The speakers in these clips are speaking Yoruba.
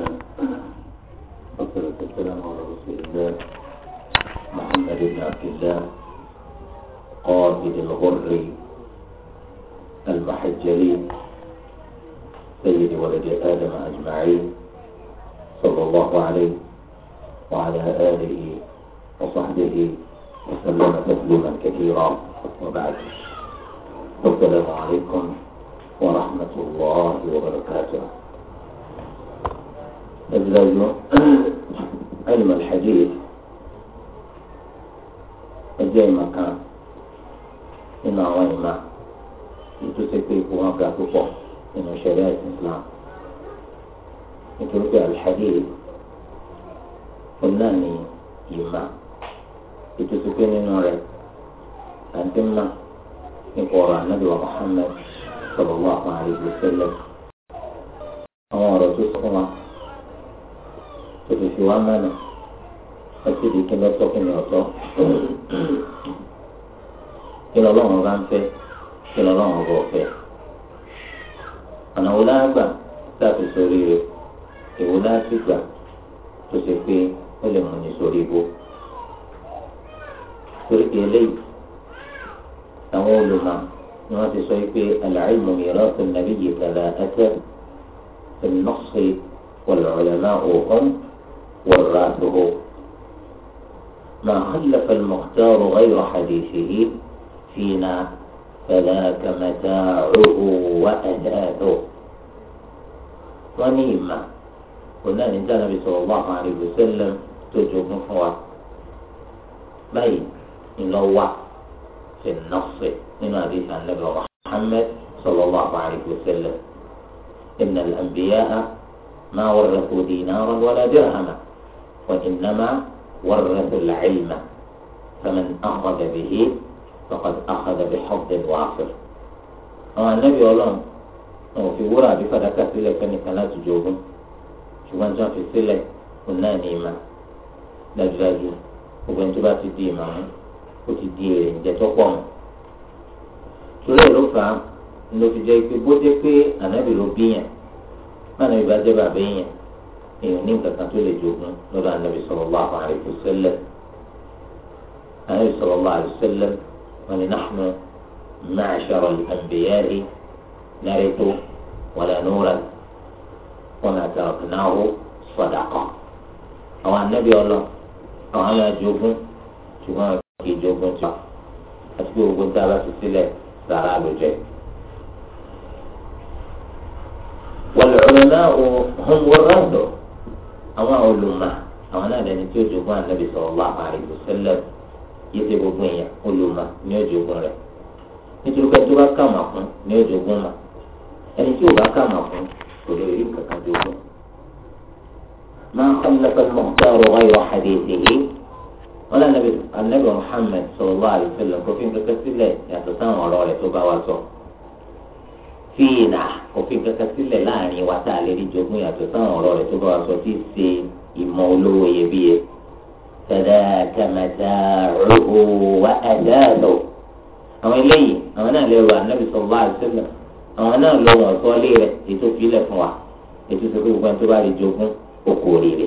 والسلام والصلاة على رسول الله محمد بن عبد الله قائد الغر المحجلي سيد ولد آدم أجمعين صلى الله عليه وعلى آله وصحبه وسلم تسليما كثيرا وبعد السلام عليكم ورحمة الله وبركاته الزوج علم الحديث ẹjẹ ìmọ̀ kan nínú àwọn ìmọ̀ ètò sẹ́kẹ̀ ipò wọn ga púpọ̀ nínú ṣẹ̀ríà Islam nítorí pé al-hadith òun náà ni ìmọ̀ ètò sẹ́kẹ̀ nínú rẹ̀ àti mọ̀ nípa ọ̀rọ̀ anábì wa Muhammad sallallahu alaihi wasallam àwọn ọ̀rọ̀ tó sọ fún wa. òṣìṣẹ́ wa mọ̀nà àti ìdíkẹ́ lọ́tọ́ kí ni ọ̀tọ́ kí lọ́lọ́run bá ń fẹ́ kí lọ́lọ́run bọ̀ fẹ́ ọ̀nà wo lágbà láti sórí rẹ̀ èwo láti gbà tó ṣe pé ó lè mú ní sórí ibo torí kí eléyìí àwọn olùmọ̀ ni wọ́n ti sọ pé al-ilmu mirath an-nabiyyi fala athar fi an-nass wal-ulama òkun. Um والرافع ما خلف المختار غير حديثه فينا فذاك متاعه وأداته غنيمة قلنا إن النبي صلى الله عليه وسلم تجب فوا بين إن هو في النص من حديث النبي محمد صلى الله عليه وسلم إن الأنبياء ما ورثوا دينارا ولا درهما وإنما ورثوا العلم فمن أخذ به فقد أخذ بحظ وافر àwọn anábì ọlọ́run wọn ò fi wúrà àbí fàdákà sílẹ̀ fẹ́nìkan láti jogún ṣùgbọ́n tí wọ́n fi sílẹ̀ kò náà ní ìmà dájúdájú gbogbo ẹni tó bá ti di ìmà wọn ó ti di èrè ǹjẹ́ tó pọ̀ wọn. torí ẹ̀ ló fà á ló fi jẹ́ pé bó jẹ́ pé anábì ló bí yẹn má nàbí bá jẹ́ bàbá yẹn èèyàn ní nǹkan kan tó lè jogún lọ́dọ̀ anabi sallallahu alaihi wasallam anabi sallallahu alaihi wasallam wọn ni nahnu ma'ashara al-anbiya'i narithu wala nuran wọn taraknahu sadaqa àwọn anabi ọlọ àwọn àmà jogún ṣùgbọ́n àwọn kì í jogún tó àti pé gbogbo tá a bá ti sílẹ̀ sàrà ló jẹ. والعلماء هم ورثه àwọn olùmọ̀ àwọn náà lẹni tí ó jogún ànábì sallallahu alaihi wasallam yìí ṣe gbogbo èèyàn olùmọ̀ ni ó jogún rẹ̀ nítorí pé tó bá kàmà fún ni ó jogún mà ẹni tí ò bá kàmà fún kò lè rí kankan jogún. ما خلف المختار غير حديثه ولا النبي النبي محمد صلى الله عليه وسلم كفين بكسر الله يعني تسامع الله لتوبة وصوم fìlà òfin kankan sílẹ̀ láàrin wa tá a lè rí jogún yàtọ̀ sáwọn ọ̀rọ̀ rẹ̀ tó bá wa sọ tí ṣe ìmọ̀ olówó iyebíye. sadaka mata'uhu wa adaaduhu. àwọn eléyìí àwọn náà lè wà nábì sallallahu alaihi wasallam àwọn náà lọ wọn sọ lé rẹ̀ ètò ìfilẹ̀ fún wa ètò ìsọ̀kè gbogbo ẹni tó bá rí jogún okò rèé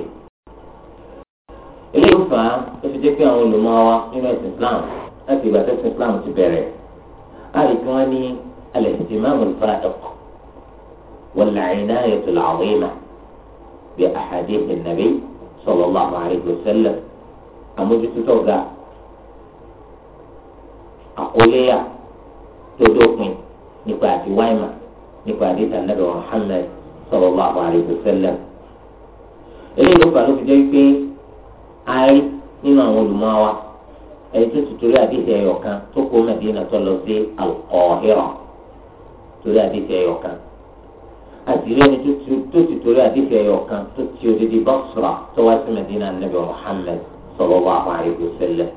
eléyìí fà á fi jẹ́ pé àwọn olùmọ̀ wa nínú ẹ̀sìn الاهتمام الفائق والعناية العظيمة بأحاديث النبي صلى الله عليه وسلم أموجة توقع أقولي تدوقني نقاط وايمة نقاط النبي محمد صلى الله عليه وسلم eléyìí ló في ló fi jẹ́ pé a rí nínú àwọn olùmọ̀ wa تقوم مدينة tutù rí àdéhìí torí àdìsẹ ẹyọkan àtìrí ẹni tó ti torí àdìsẹ ẹyọkan tó ti odidi Basra tó wá sí Madina Nabi Muhammad sallallahu alaihi wasallam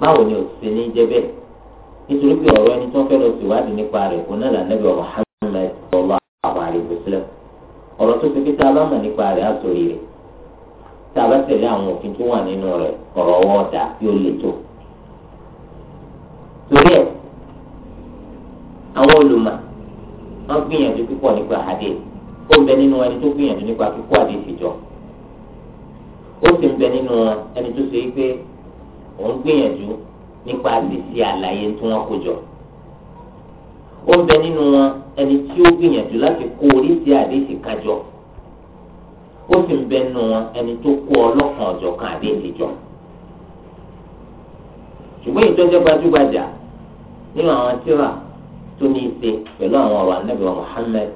báwo ni òṣìṣẹ́ ní jẹ́ bẹ́ẹ̀ nítorí pé ọ̀rọ̀ ẹni tó fẹ́ lọ síwádìí nípa rẹ̀ kò náà lànàbí Muhammad sallallahu alaihi wasallam ọ̀rọ̀ tó fi kíta alámọ̀ nípa rẹ̀ àtòrí rẹ̀ tá a bá tẹ̀lé àwọn òfin tó wà nínú rẹ̀ ọ̀rọ̀ ọwọ́ ọ̀dà yóò le tó. torí ẹ̀ àwọn olùmọ̀ wọ́n gbìyànjú púpọ̀ nípa àdé ó ń bẹ nínú ẹni tó gbìyànjú nípa kíkó àdé ìfìjọ ó sì ń bẹ nínú ẹni tó ṣe pé òun gbìyànjú nípa àdèsí àlàyé tí wọn kó jọ ó ń bẹ nínú ẹni tí ó gbìyànjú láti kó oríṣi ó sì ń bẹ nínú ẹni tó kó ọlọ́kan jọ ṣùgbọ́n gbajúgbajà nínú àwọn tíra tó ní í ṣe pẹ̀lú àwọn ọ̀rọ̀ anábì wa Muhammad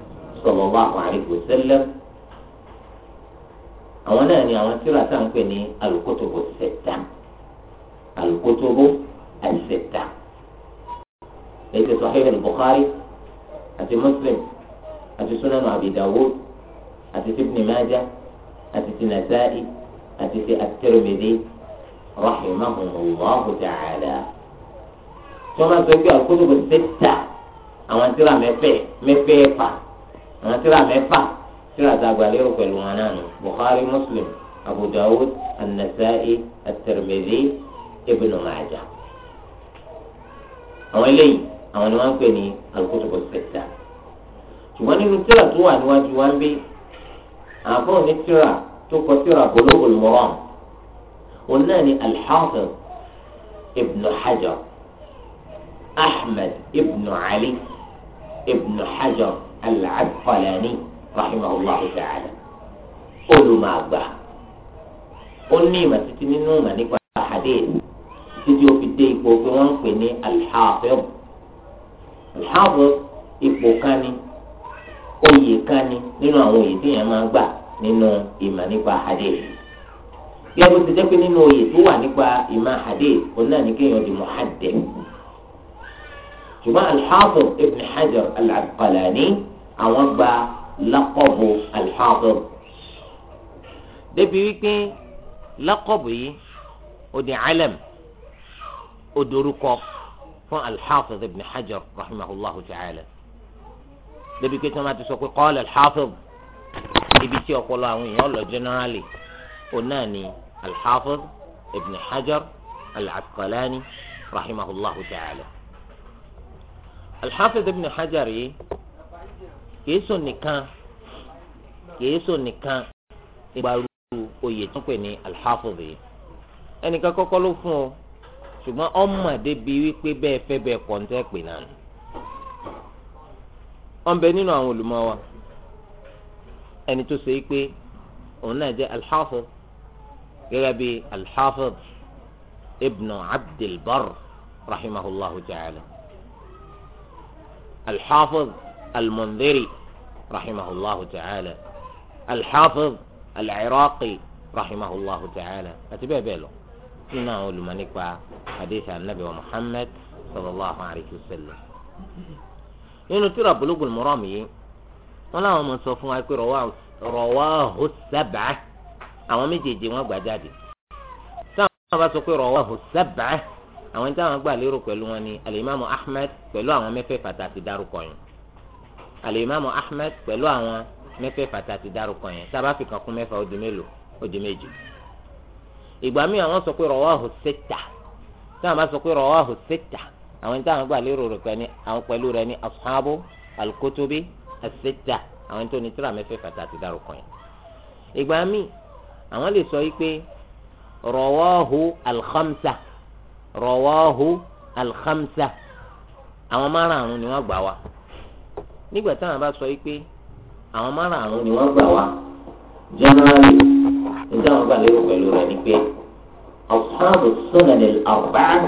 sallallahu alaihi wasallam àwọn náà ni àwọn tíra tá à ń pè ní alukotobo sẹta alukotobo àìsẹta èyí ti Sahih al-Bukhari àti Muslim àti Sunan Abi Dawud àti ti Ibn àti ti àti ti at-Tirmidhi rahimahumullahu ta'ala tí wọ́n máa sọ pé alukotobo sẹta àwọn tíra mẹ́fẹ́ mẹ́fẹ́ pa àwọn tíra mẹ́fà tíra tá a gbà lérò pẹ̀lú wọn náà nù Bukhari Muslim Abu Dawud An-Nasa'i At-Tirmidhi Ibn Majah àwọn eléyìí àwọn ni wọ́n ń pè ní al-kutubu sitta ṣùgbọ́n nínú tíra tó wà níwájú wa ń bí àbọ̀ ní tíra tó kọ tíra Bulughul Maram òun náà ni al-Hafiz Ibn Hajar Ahmad Ali. ابن حجر العسقلاني رحمه الله تعالى olùmọ̀ ní ìmọ̀ títí nínú ìmọ̀ n'ipa hadith títí ó fi dé ipò pé wọ́n ń pè ni oyè kan ni nínú àwọn oyè tí yẹn Ya gbà nínú n'inu nípa hadith bí a ṣùgbọ́n alḥafid ibn hajar al-asqalani àwọn gba lakọ̀bù alḥafid débi wípé lakọ̀bù yìí ó di alam ó dorúkọ fún alḥafid ibn hajar rahimahullahu ta'ala débi pé tí wọ́n bá ti sọ pé qala alḥafid ibi tí ọpọlọ àwọn èèyàn lọ generally òun náà ni alḥafid ibn hajar al-asqalani rahimahullahu ta'ala. Al-Hafiz Ibn Hajar yìí kìí sùn nìkan kìí sùn nìkan ìgbàlú oyè tó ń pè ní Al-Hafiz yìí ẹnìkan kọ́kọ́ ló fún o ṣùgbọ́n ọmọ débi wípé bẹ́ẹ̀ fẹ́ bẹ́ẹ̀ kọ́ ń tẹ́ pè náà ọ̀n bẹ nínú àwọn olùmọ̀ wa ẹni tó ṣe pé òun náà jẹ́ al gẹ́gẹ́ bíi al Ibn Abdul rahimahullahu ta'ala. الحافظ المنذري رحمه الله تعالى الحافظ العراقي رحمه الله تعالى أتبع بيلو إنه أقول من حديث النبي ومحمد صلى الله عليه وسلم إنه ترى بلوغ المرامي ولا من صفوا يقول رواه رواه السبعة أو ميجي جي وقبع جادي سامع رواه السبعة àwọn ẹni táwọn gbà lérò pẹ̀lú wọn ni alimami ahmed pẹ̀lú àwọn mẹ́fẹ̀ẹ̀fà tá a ti dárúkọ yẹn alimami ahmed pẹ̀lú àwọn mẹ́fẹ̀ẹ̀fà tá a ti dárúkọ yẹn tá a bá fi kan mẹ́fà ó di mélòó ó di méjì. ìgbà míì àwọn sọ pé rawahu sitta táwọn bá sọ pé rawahu sitta àwọn táwọn gbà lérò pẹ̀lú rẹ̀ ni ashabu alkutubi as àwọn tó ní tíra mẹ́fẹ̀ẹ̀fà tá a yẹn. ìgbà míì àwọn lè sọ yìí pé rawahu al-khamsa rọwọ́hu alhamsa àwọn márààrún ni wọ́n gbà wá nígbà táwọn bá sọ pé àwọn márààrún ni wọ́n gbà wá jẹ́nẹ́rì níta wọn gbà lérò pẹ̀lú rẹ̀ ni pé أصحاب السنن الأربعة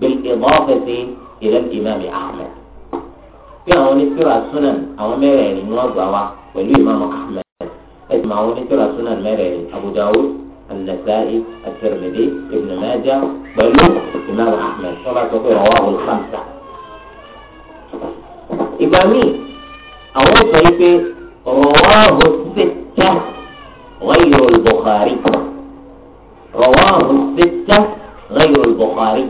بالإضافة إلى الإمام أحمد bí àwọn onítìrà sunan àwọn mẹ́rẹ̀ẹ̀rin ni wọ́n gbà wá pẹ̀lú ìmáàmù Ahmed ẹ̀sìn àwọn onítìrà sunan mẹ́rẹ̀ẹ̀rin Abu Dawud النسائي الترمذي ابن ماجه بل الامام احمد كما تقول رواه الخمسه ابامي او طيب رواه الستة غير البخاري رواه الستة غير البخاري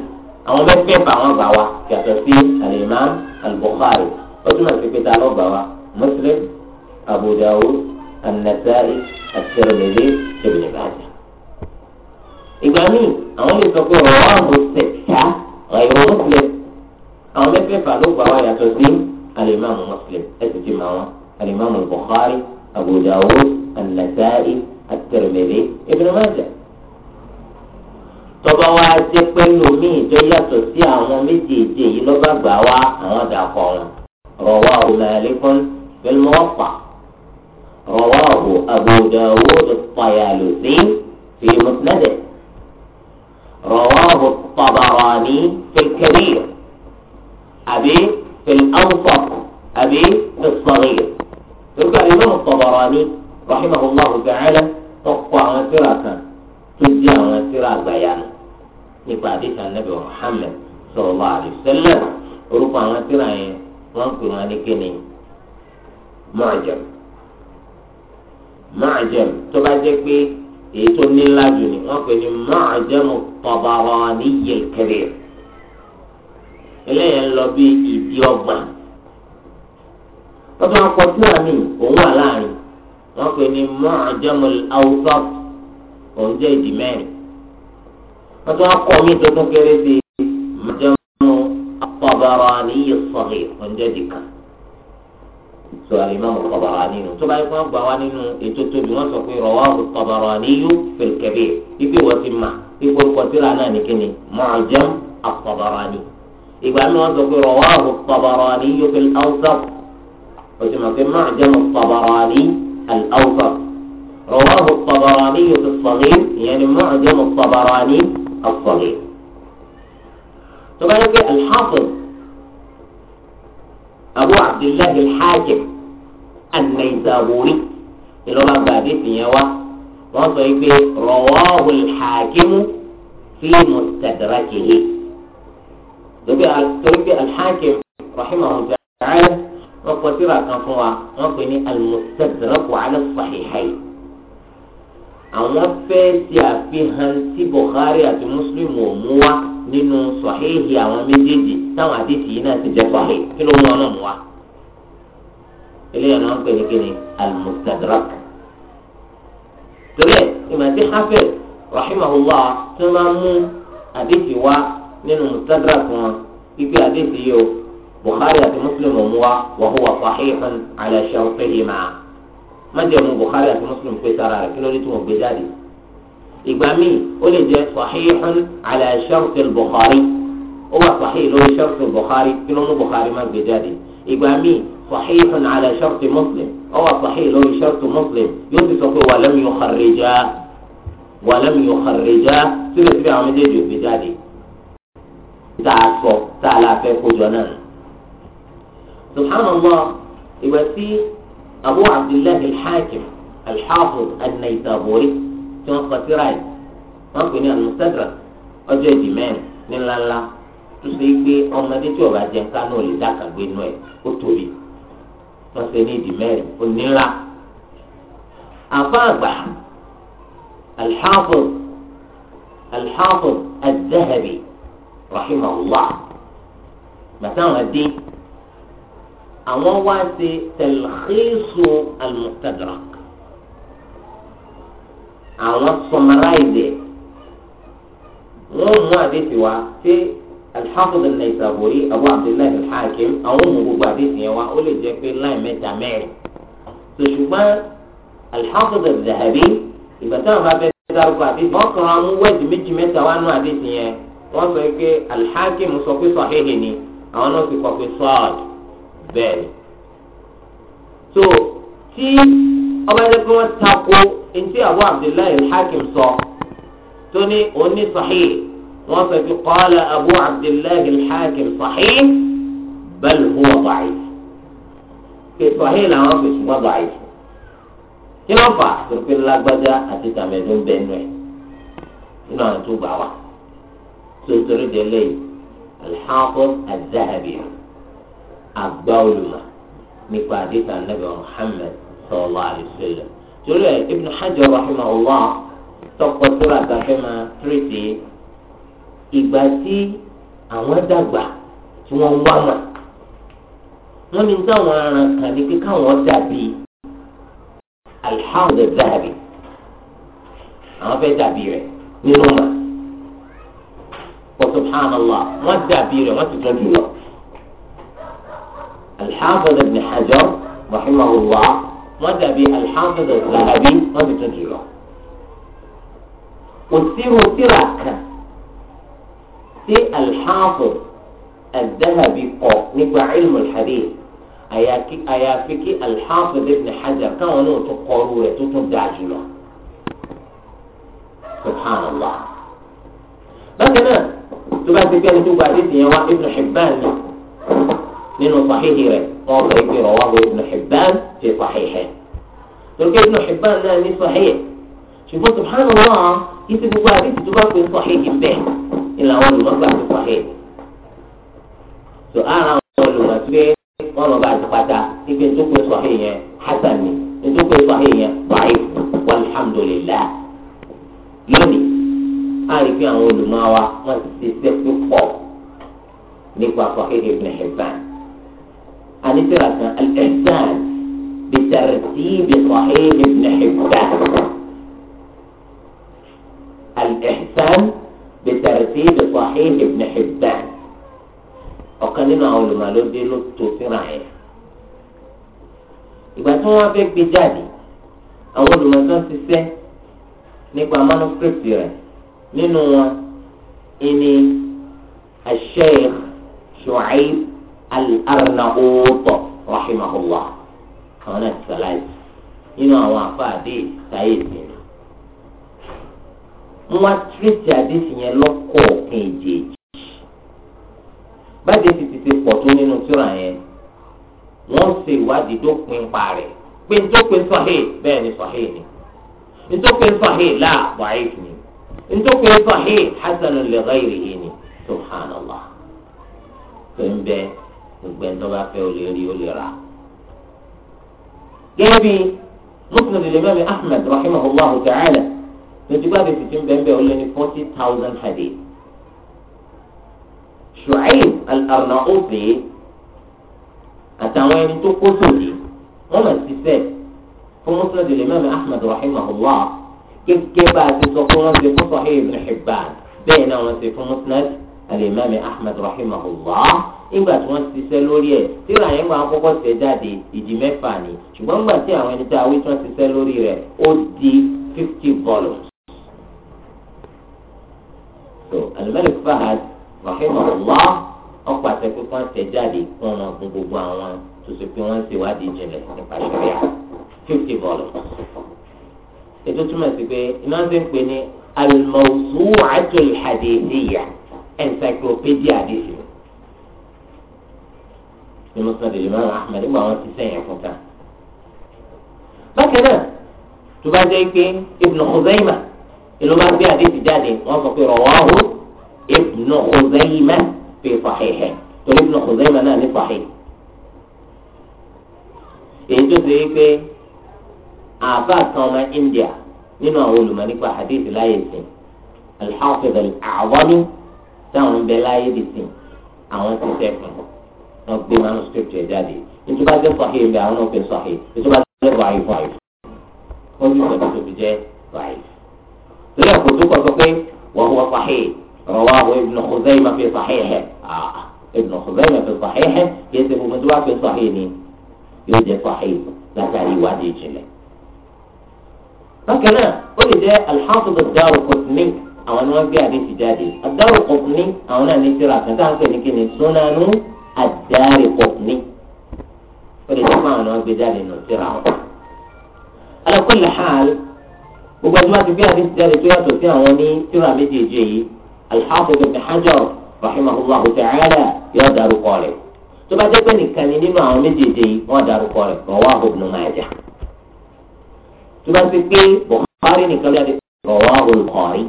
او بس بيبع وضعوا كتفسير الامام البخاري قدما في كتاب وضعوا مسلم ابو داود النسائي الترمذي ابن ماجه ìgbà míì àwọn lè sọ pé ọ̀rọ̀ wa mo sẹ̀ ta ọ̀rọ̀ muslim àwọn mẹ́fẹ̀ẹ̀fà ló gbà wá yàtọ̀ sí alimami muslim ẹ̀sìn ti mà wọn alimami bukhari abu dawud an-nasa'i at-tirmidhi ibn wa jẹ pẹ̀lú míì tó yàtọ̀ sí àwọn méjèèjì yìí lọ́ba gbà wá àwọn dàkọ wọn rawahu malikun fil muwatta rawahu abu dawud at-tayalisi fi musnadihi. رواه الطبراني في الكبير أبي في الأوسط أبي في الصغير يبقى الإمام الطبراني رحمه الله تعالى توقع مسيرة تجي مسيرة بيان nípa النبي محمد صلى الله عليه وسلم àwọn tíra yẹn wọn pè wọn ní kíni mọ̀jẹ̀m mọ̀jẹ̀m tó èyí tó nílá jù ní wọ́n pè ní mọ́àjẹ́mu Tabarani al-Kabir eléyìí ń lọ bí ìdí ọgbà wọ́n tún akọ́jú àmì òun wà láàrin wọ́n pè ní mọ́àjẹ́mu Awsat òun jẹ́ ìdí mẹ́rin wọ́n tún akọ́ mi tuntun kéré sí mọ́àjẹ́mu Tabarani as-Saghir òun jẹ́ ìdí kan sọ alimami Tabarani nínú tó bá yẹ kó wọn gbà wá nínú ètò tóbi wọn sọ pé rawahu Tabarani fil kabir ibi wọn ti mà ipò kọtíra náà ní kíni Mu'jam at-Tabarani ìgbà ní wọn sọ pé rawahu Tabarani fil awsat o ti mọ̀ pé Mu'jam at-Tabarani al-awsat rawahu Tabarani fil saghir ìyẹn ni Mu'jam at-Tabarani as tó bá yẹ kó al abu abdullahi al-hakim an-naysaburi ìlọba gbàdé fìyẹn wa wọ́n sọ pé rawahu al-hakim fi mustadrakihi tóbi tóbi al-hakim rahimahu ta'ala wọ́n kọ síra kan fún wa wọ́n pè ní al ala as àwọn fẹ́ẹ́ ti àfihàn tí bukhari àti muslim ò mú wa nínú sọ̀híhì àwọn méjèèjì táwọn àdìsí yìí náà ti jẹ́ sọ̀hí kí ló mú ọlọ́mù wa. eléyà náà ń pè ní kíni al-mustadrak. torí ẹ̀ ìmọ̀tí hafiz rahimahullah tó máa mú àdìsí wa nínú mustadrak wọn pípé àdìsí yìí o bukhari àti muslim mú wa wa huwa sahihun ala shartihima. májẹ̀mú bukhari àti muslim pé sára rẹ̀ kí ló dé tí wọ́n gbé jáde ìgbà míì ó lè jẹ́ sahihun ala sharti al-Bukhari ó wà sahih lórí sharti al-Bukhari kí ló mú Bukhari má gbé jáde ìgbà míì sahihun ala sharti Muslim ó wà sahih lórí sharti Muslim yóò ti sọ pé wa lam yukharrija wa lam yukharrija síbẹ̀síbẹ̀ àwọn méjèèjì gbé jáde tá a sọ tá a láfẹ́ kójọ náà subhanallah ìgbà tí abu abdullahi al-Hakim al-Hafiz tí wọ́n kọ síra yìí wọ́n pè ní alùsẹ́dra ọjọ́ ìdì mẹ́rin ní ńláńlá tó ṣe pé ọmọdé tí ọba jẹ nǹkan náà lè dákàgbé inú ẹ̀ ó tóbi wọ́n ṣe ní ìdì mẹ́rin ó nílá. àfa àgbà alḥafiz alḥafiz az-Zahabi rahimahullah àwọn wá ṣe talkhisu al àwọn sọmaláìdẹ wọn mú àdéhùn wa ṣé alḥafiz an-Naysaburi abu abdullahi al-hakim àwọn mú gbogbo àdéhùn yẹn wa ó lè jẹ pé láì mẹ́ta mẹ́rin ṣùgbọ́n alḥafiz az-Zahabi ìgbà táwọn bá fẹ́ dárúkọ àdéhùn wọn kàn án mú wẹ́ẹ̀dì méjì mẹ́ta wá nú àdéhùn yẹn wọ́n sọ pé al sọ pé sahihi ni àwọn náà sì kọ pé sọ́ọ̀d bẹ́ẹ̀ ni ọba jẹ́ pé wọ́n tako etí Abu Abdullahi al-Hakim sọ tó ní òní sahih wọ́n sọ pé qala Abu Abdullahi al-Hakim sahih bal huwa da'if pé sahih làwọn fi ṣùgbọ́n da'if kí ló fà torípé lágbájá àti tàmẹ̀dún bẹ́ẹ̀ nù ẹ̀ nínú àwọn tó gbà wá tó torí délé al-Hafiz al-Zahabi àgbà olùmọ̀ nípa àdìsá nàbẹ̀ Muhammad sallallahu alaihi wasallam torí ẹ Ibn Hajar rahimahullah tọkọ tóra gàfẹ́ máa tírètè ìgbà tí àwọn dàgbà tí wọ́n ń wá wọn wọ́n ní táwọn aràn kan ní pé káwọn dàbí alhamdu zahabi àwọn fẹ́ dàbí rẹ̀ nínú wọn subhanallah wọ́n dàbí rẹ̀ wọ́n ti tún jù lọ alhamdu ibn Hajar rahimahullah. مدى الحافظ الذهبي وبتدريبه وتصيروا تراك في الحافظ الذهبي او نبع علم الحديث اياكي اياكي الحافظ ابن حجر كانوا تقولوا تتدعجلوا سبحان الله بس انا تبقى تبقى تبقى تبقى تبقى تبقى nínú sàhíhì rẹ̀ wọ́n sọ ìpè ọ̀wá wo ibn Hibban fi sàhíhì. torí ibn Hibban náà ní sàhíhì ṣùgbọ́n subhanallah ìsì gbogbo àdìsí tó bá pè sàhíhì bẹ́ẹ̀ ni làwọn olùmọ̀gbà fi sàhíhì. tó ara àwọn olùmọ̀ tí wọ́n lọ bá ti pata ibi tó pè sàhíhì yẹn hasan ni tó pè sàhíhì yẹn báyìí walhamdulillah lónìí a rí pé àwọn olùmọ̀ wa wọ́n ti ṣe iṣẹ́ púpọ̀ nípa sàhíhì ibn Hibban. عن الدراسة الإحسان بترتيب صحيح ابن حبان الإحسان بترتيب صحيح ابن حبان وقالنا علماء لدي لطو في رعية إذا كان هناك بجادي أقول لما كان في السه نقوى مانوسكريبت إني الشيخ شعيب al-Arnaut rahimahullah àwọn náà ti sàlàyé nínú àwọn àfáàdé táyé ìsìn wọn tírètì àdéhì yẹn lọ́kọ̀ọ̀kan èjèèjì báyìí ti ti ti pọ̀ tó nínú tíra yẹn wọ́n ṣe ìwádìí tó pin pa rẹ̀ pé n tó pin sọ̀hìn ni sọ̀hìn ni n tó láà wáyé ni n tó pin lẹ́gbẹ̀ẹ́ yìí ni subhanallah tó ń bẹ́ẹ̀. gbogbo ẹni tó bá fẹ́ o lè rí o lè rà. gẹ́gẹ́ bí muslim imam ahmed rahim allah ta'ala lójúgbà bí fìtí bẹ́ẹ̀ o lé ní forty thousand hadith. shu'aib al-arnauti àtàwọn ẹni tó kó sòdì wọn lọ sí sẹ́ẹ̀ fún muslim imam ahmed rahim allah gẹ́gẹ́ bá a ti sọ fún wọn ṣe fún sahih ibn hibban bẹ́ẹ̀ náà wọn ṣe fún muslim alimami imam ahmed rahimahullah. nígbà tí wọ́n ti ṣiṣẹ́ lórí ẹ̀ tíra yẹn máa ń kọ́kọ́ tẹ̀ jáde ìdí mẹ́fà ni ṣùgbọ́n nígbà tí àwọn ẹni tí a wí tí wọ́n ti ṣiṣẹ́ lórí rẹ̀ ó di fifty volumes. so Al-Malik Fahad rahimahullah wọ́n pàṣẹ pé wọ́n tẹ̀ jáde fún ọ̀nà fún gbogbo àwọn tó ṣe pé wọ́n ń ṣèwádìí jìnlẹ̀ nípa ṣẹ̀ríà fifty volumes. ètò túmọ̀ sí pé iná ti ń pè ní al ní mọ́sálásí lè máa Ahmed nígbà wọn ti sẹ́yìn fún ta. bákan náà tó bá jẹ́ pé Ibn Khuzaimah ìlú bá gbé àdéhùn jáde wọ́n sọ pé rawahu Ibn Khuzaimah fi sahihi torí Ibn Khuzaimah náà ní sahih. èyí tó ṣe é pé àbá kan ọmọ India nínú àwọn olùmọ̀ nípa láyé sìn al-Hafiz ń bẹ láyé bìsìn àwọn ti sẹ́kùn wọn gbé manuscript ẹ jáde nítorí bá jẹ sọhí ibẹ àwọn náà pè sọhí nítorí bá jẹ báyìí báyìí wọn yóò sọ tó fi jẹ báyìí. lórí àkótó kan sọ pé wọn wọ sọhí rawahu ibn Khuzaymah fi sahihi ibn Khuzaymah fi sahihi kì í ṣe gbogbo tó bá fi sọhí ni yóò jẹ sọhí látàrí ìwádìí ìjìnlẹ̀. bákan náà ó lè jẹ al-Hafiz ad-Daraqutni àwọn ni wọn gbé àdéhìí jáde ad-Daraqutni àwọn náà àdáàrí kọ̀ọ̀kùnrin ó lè tó fáwọn náà gbé jáde nù síra wọn. ala kulli hal gbogbo ẹni máa ti gbé àdéhùn jáde tó yàtọ̀ sí àwọn ní síra méjèèjì yìí al-Hafiz ibn Hajar rahimahullahu ta'ala yóò darúkọ rẹ̀ tó bá jẹ́ pé nìkan ni nínú àwọn méjèèjì yìí wọ́n darúkọ rẹ̀ rawahu ibn Majah tó bá ti gbé Bukhari nìkan jáde rawahu al-Bukhari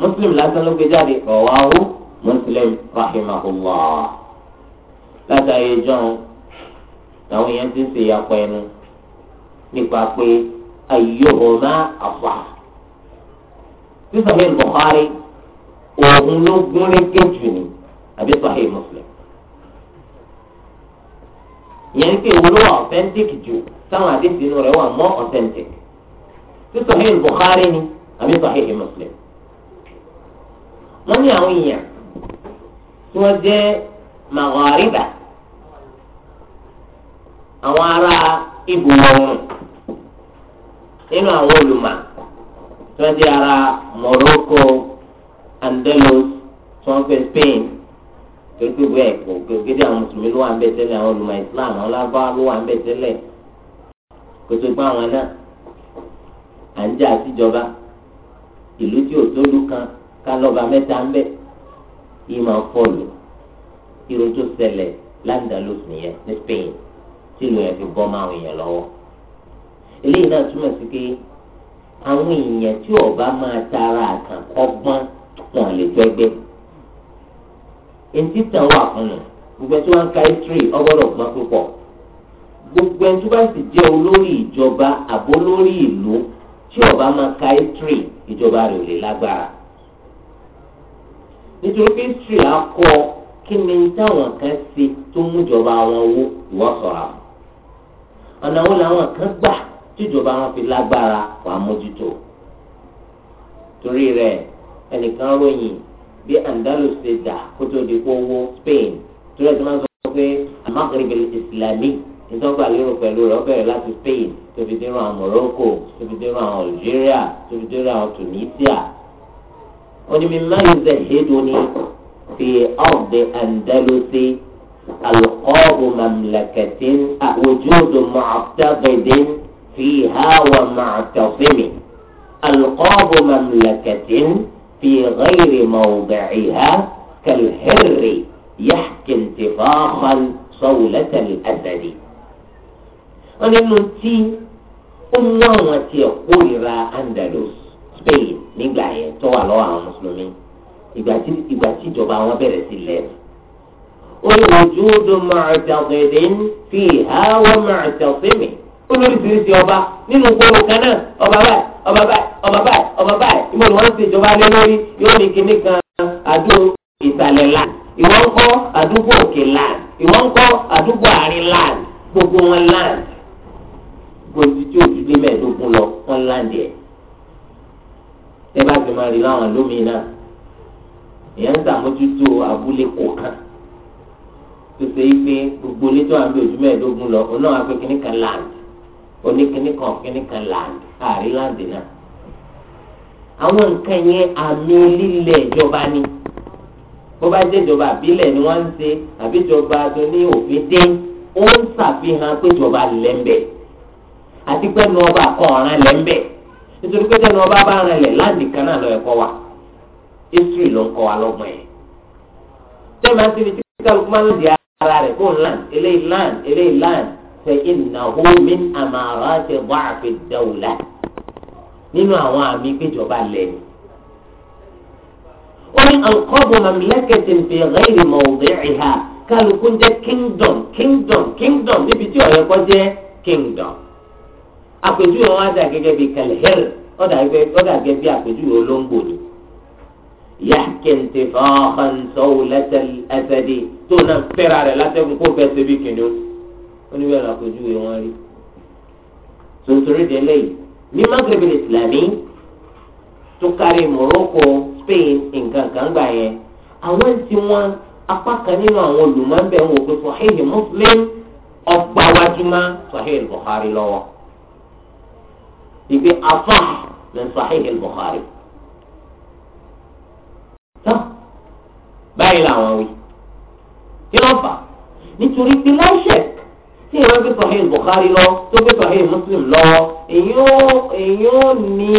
Muslim lásán ló gbé jáde rawahu Muslim rahimahullah. látàrí ìjọun làwọn èèyàn ti ń ṣe ìyapa ẹnu nípa pé ayyuhuma àfà tí Sahih òun ló gúnrégé jù ní àbí Sahih Muslim ìyẹn ní pé òun ló authentic jù táwọn àdéhùn inú rẹ̀ wà more authentic tí ni àbí Sahih wọ́n ní àwọn èèyàn tí wọ́n jẹ́ màwárìbà àwọn ará ibù ọ̀hún nínú àwọn olùmọ tí ara jẹ́ ará Morocco Andalus tí wọ́n fẹ́ Spain torí pé bóyá ẹ̀kọ́ gẹ́gẹ́ àwọn mùsùlùmí ló wà ń bẹ àwọn Islam àwọn lábáwá ló wà ń bẹ tẹ́lẹ̀ kótó àwọn náà à ń ìlú tí ò tó lù kan ká ń bẹ ìmọ̀ irun tó ṣẹlẹ̀ landalus nìyẹn ní Spain tí ìlú yẹn fi bọ́ máa ń yàn lọ́wọ́ eléyìí náà túmọ̀ sí pé àwọn èèyàn tí ọba máa tara àkàn ọgbọ́n wọn lè fẹ́ gbé etí tàn wà fún un gbogbo ẹni tí wọ́n ka history ọgbọ́dọ̀ gbọ́n púpọ̀ gbogbo ẹni tí sì jẹ́ olórí ìjọba àbó lórí ìlú tí ọba máa ka history ìjọba rẹ̀ ò lè lágbára nítorí history á kọ́ ọ kí ni táwọn kan ṣe tó mú ìjọba wọn wó ìwọ sọ̀rọ̀ àwọn ọ̀nà wo làwọn kan gbà tí ìjọba wọn fi lágbára wà mójútó torí rẹ̀ ẹnìkan ròyìn bí Andalus ṣe dà kó tó di kó wó Spain torí ẹ̀ tí wọ́n sọ pé Maghrib al ìtọ́gbà lérò pẹ̀lú rẹ̀ ó láti Spain tó fi dérò àwọn Morocco tó fi dérò àwọn Algeria tó fi dérò àwọn Tunisia onímọ̀ ìzẹ̀ ṣe é في أرض أندلس ألقاب مملكة أه، وجود معتقد فيها ومعتصم ألقاب مملكة في غير موضعها كالهر يحكي انتفاخا صولة الأسد ونحن تي أمنا وتي قولها أندلس سبين نبلع توا المسلمين ìgbà tí ìgbà tí ìjọba wọn bẹ̀rẹ̀ sí lẹ̀. ó ní ojúdó mọ̀ọ́tàkìdín fi àwọ̀ mọ̀ọ́tàkìmì olóríṣiríṣi ọba nínú gbòòrò kan náà ọba báyìí ọba báyìí ọba báyìí ọba báyìí ìmọ̀ ni wọ́n ń ṣèjọba lé lórí yóò ní kinní kan àdúgbò ìsàlẹ̀ lan ìwọ́n ń kọ́ àdúgbò òkè lan ìwọ́n ń kọ́ àdúgbò àárín lan gbogbo wọn lan gbòòrò tí òjú lé mẹ́ẹ̀ẹ́dógún lọ wọn lan díẹ̀ ẹ bá ti máa rí láwọn lómìnira èèyàn ń sàmójútó abúlé kọ̀ọ̀kan tó ṣe pé gbogbo oníjọ àbí ojú lọ náà wá pé kan land oní kan kan náà àwọn nǹkan yẹn àmì ìjọba ni bó bá jẹ́ ìjọba àbílẹ̀ ni wọ́n ń ṣe àbí ìjọba tó ní òfin dé ó ọba kan ọ̀ràn lẹ́ńbẹ̀ nítorí pé ọba bá lẹ̀ kan wa. history ló ń kọ́ wa lọ́gbọ̀n yẹn tẹ́ máa ń tibi tí kálukú máa ń di ara rẹ̀ fún land eléyìí land eléyìí land fẹ́ innahu min amarati da'fi dawla nínú àwọn àmì ìgbéjọba lẹ́nu ó ní alqabu mamlakatin fi ghayri mawdi'iha kálukú jẹ́ kingdom kingdom kingdom níbi tí ọ̀yẹ́ kọ́ jẹ́ kingdom àpèjúwe wọn dà gẹ́gẹ́ bí kalhir ọ̀dà gẹ́gẹ́ bí àpèjúwe olóńgbò ni yàkí ntifaxan sọwulẹsẹ ẹsẹdi tó na fẹ́ra rẹ̀ látẹ̀kùn kó fẹ́ ṣebí kìnìún oníbẹ̀rẹ̀ làkójúwe wọn rí sotori délé yìí ní magrebe islami tó kárí Morocco Spain nǹkan kan gbà yẹn àwọn tí wọn apá kan nínú àwọn olùmọ̀ọ́bẹ̀ ń wò pé Sahih Muslim ọgbà wájúmọ́ Sahih Bukhari lọ́wọ́ ìgbé afá ní Sahih Bukhari. báyìí làwọn wí kí ló fà nítorí pé láìsẹ̀ tí èèyàn gbé sọ̀hìn Bukhari lọ tó gbé sọ̀hìn Muslim lọ èèyàn ò ní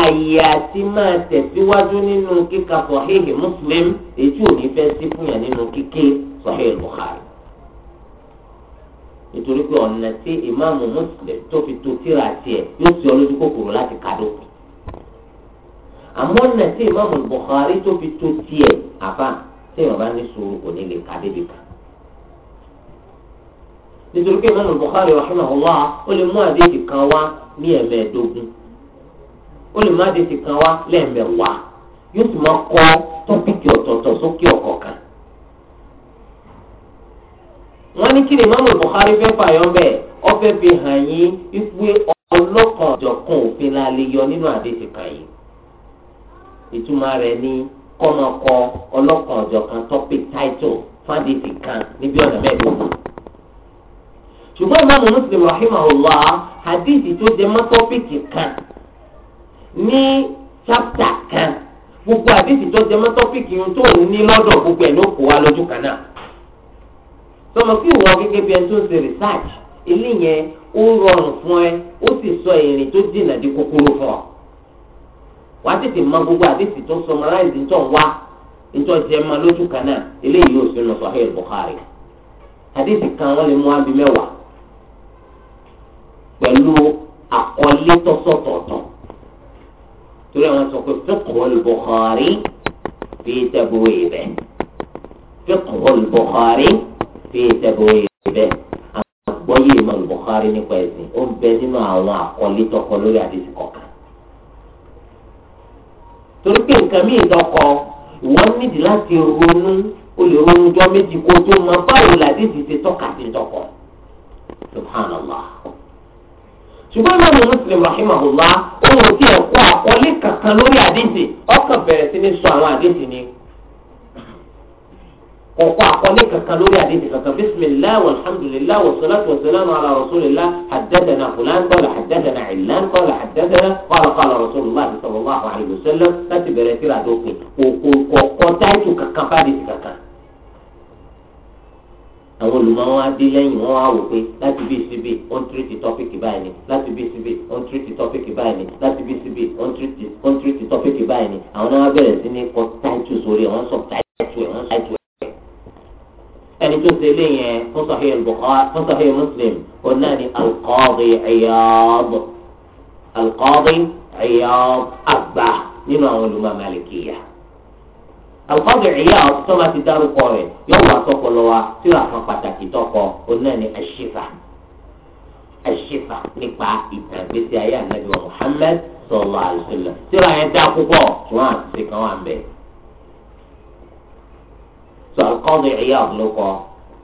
àyè àti máa tẹ̀síwájú nínú kíka sọ̀hìn Muslim èyí tí ò ní fẹ́ sí fún yàn nínú kíké sọ̀hìn Bukhari nítorí pé ọ̀nà tí ìmáàmù Muslim tó fi to tíra tiẹ̀ yóò ti ọ lójú kòkòrò láti kàdó kù àmọ́ ọ̀nà tí ìmáàmù Bukhari tó fi tó tiẹ̀ àbá tí ìyàwó bá ní sùúrù kò ní lè ka débi kan. nítorí pé ìmáàmù Bukhari rahimahullah ó lè mú àdéhìí kan wá ní ẹ̀mẹ́ẹ̀dógún ó lè mú àdéhìí kan wá lẹ́ẹ̀mẹ́wàá yóò sì máa kọ́ tọ́pìkì ọ̀tọ̀ọ̀tọ̀ sókè ọ̀kọ̀ọ̀kan. wọ́n ní kí ni ìmáàmù Bukhari fẹ́ fàyọ́ bẹ́ẹ̀ ọ ìtumọ̀ rẹ̀ ní kọ́mọkọ ọlọ́kan ọ̀jọ̀kan topic title fádìsì kan níbi ọ̀nà mẹ́ẹ̀ẹ́dógún. ṣùgbọ́n ìmáàmù Muslim rahimahullah hadithi tó jẹ mọ́ tọ́pìkì kan ní chapter kan gbogbo hadithi tó jẹ mọ́ tọ́pìkì yẹn tó ní lọ́dọ̀ gbogbo ẹ̀ ló kó wa lójú kan náà. sọmọ kí ìwọ gẹ́gẹ́ research ilé yẹn ó rọrùn fún ẹ ó sì sọ ìrìn tó jìnnà di kúkúrú fún wàá tètè mọ gbogbo àdéhùn tó sọmọláìsì tó ń wá ètò ọ̀jẹ̀ ma lójú kan náà eléyìí yóò sínú Sahih Bukhari àdéhùn kan wọ́n lè mú abi mẹ́wàá pẹ̀lú àkọlé tọ́sọ̀tọ̀ọ̀tọ̀ torí àwọn sọ pé fiqhul Bukhari fi tabwibih fiqhul Bukhari fi tabwibih àgbọ́yé ìmọ̀ Bukhari nípa ẹ̀sìn ó bẹ nínú àwọn torí pé nǹkan míì lọkọ ìwọ nídìí láti ronú o lè ronú jọ méjì kó tó mọ báwo làdí ti tọ́ka sí tọkọ ṣùgbọ́n ìmọ̀mù muslim rahimahullah ó wọ́n ti ẹ̀kọ́ àkọlé kankan lórí àdéhìí ọkàn bẹ̀rẹ̀ sí ní sọ àwọn ni kọ̀ọ̀kọ́ àkọlé kankan lórí àdéhùn kankan bisimilahi walhamdulilahi wasalaatu wasalaamu ala rasulillah hadadana fulan kọ́lá hadadana ilan kọ́lá hadadana kọ́lá kọ́lá rasulillah sallallahu alayhi wa sallam láti bẹ̀rẹ̀ síra dókè kọ̀ọ̀kọ́ táìtù kankan fáadéhùn kankan. àwọn olùmọ̀ọ́ wa dé lẹ́yìn wọn wá wò pé láti bí síbi on treat topic báyìí ni láti bí síbi on treat topic báyìí ni láti bí síbi on treat on báyìí ni àwọn náà wá bẹ̀rẹ̀ sí ní kọ يعني جزء لي فصحي البخاري فصحي مسلم قلنا لي القاضي عياض القاضي عياض أبا لنوع الأمة مالكية القاضي عياض ثم في دار القرين يوم توقع لوا سوى فقطك توقع قلنا لي الشفة الشفة نقبع إبتان بسيايا نبي محمد صلى الله عليه وسلم سوى أنت أخوكو شوان سيكوان بيه sọ alqadi Iyad ló kọ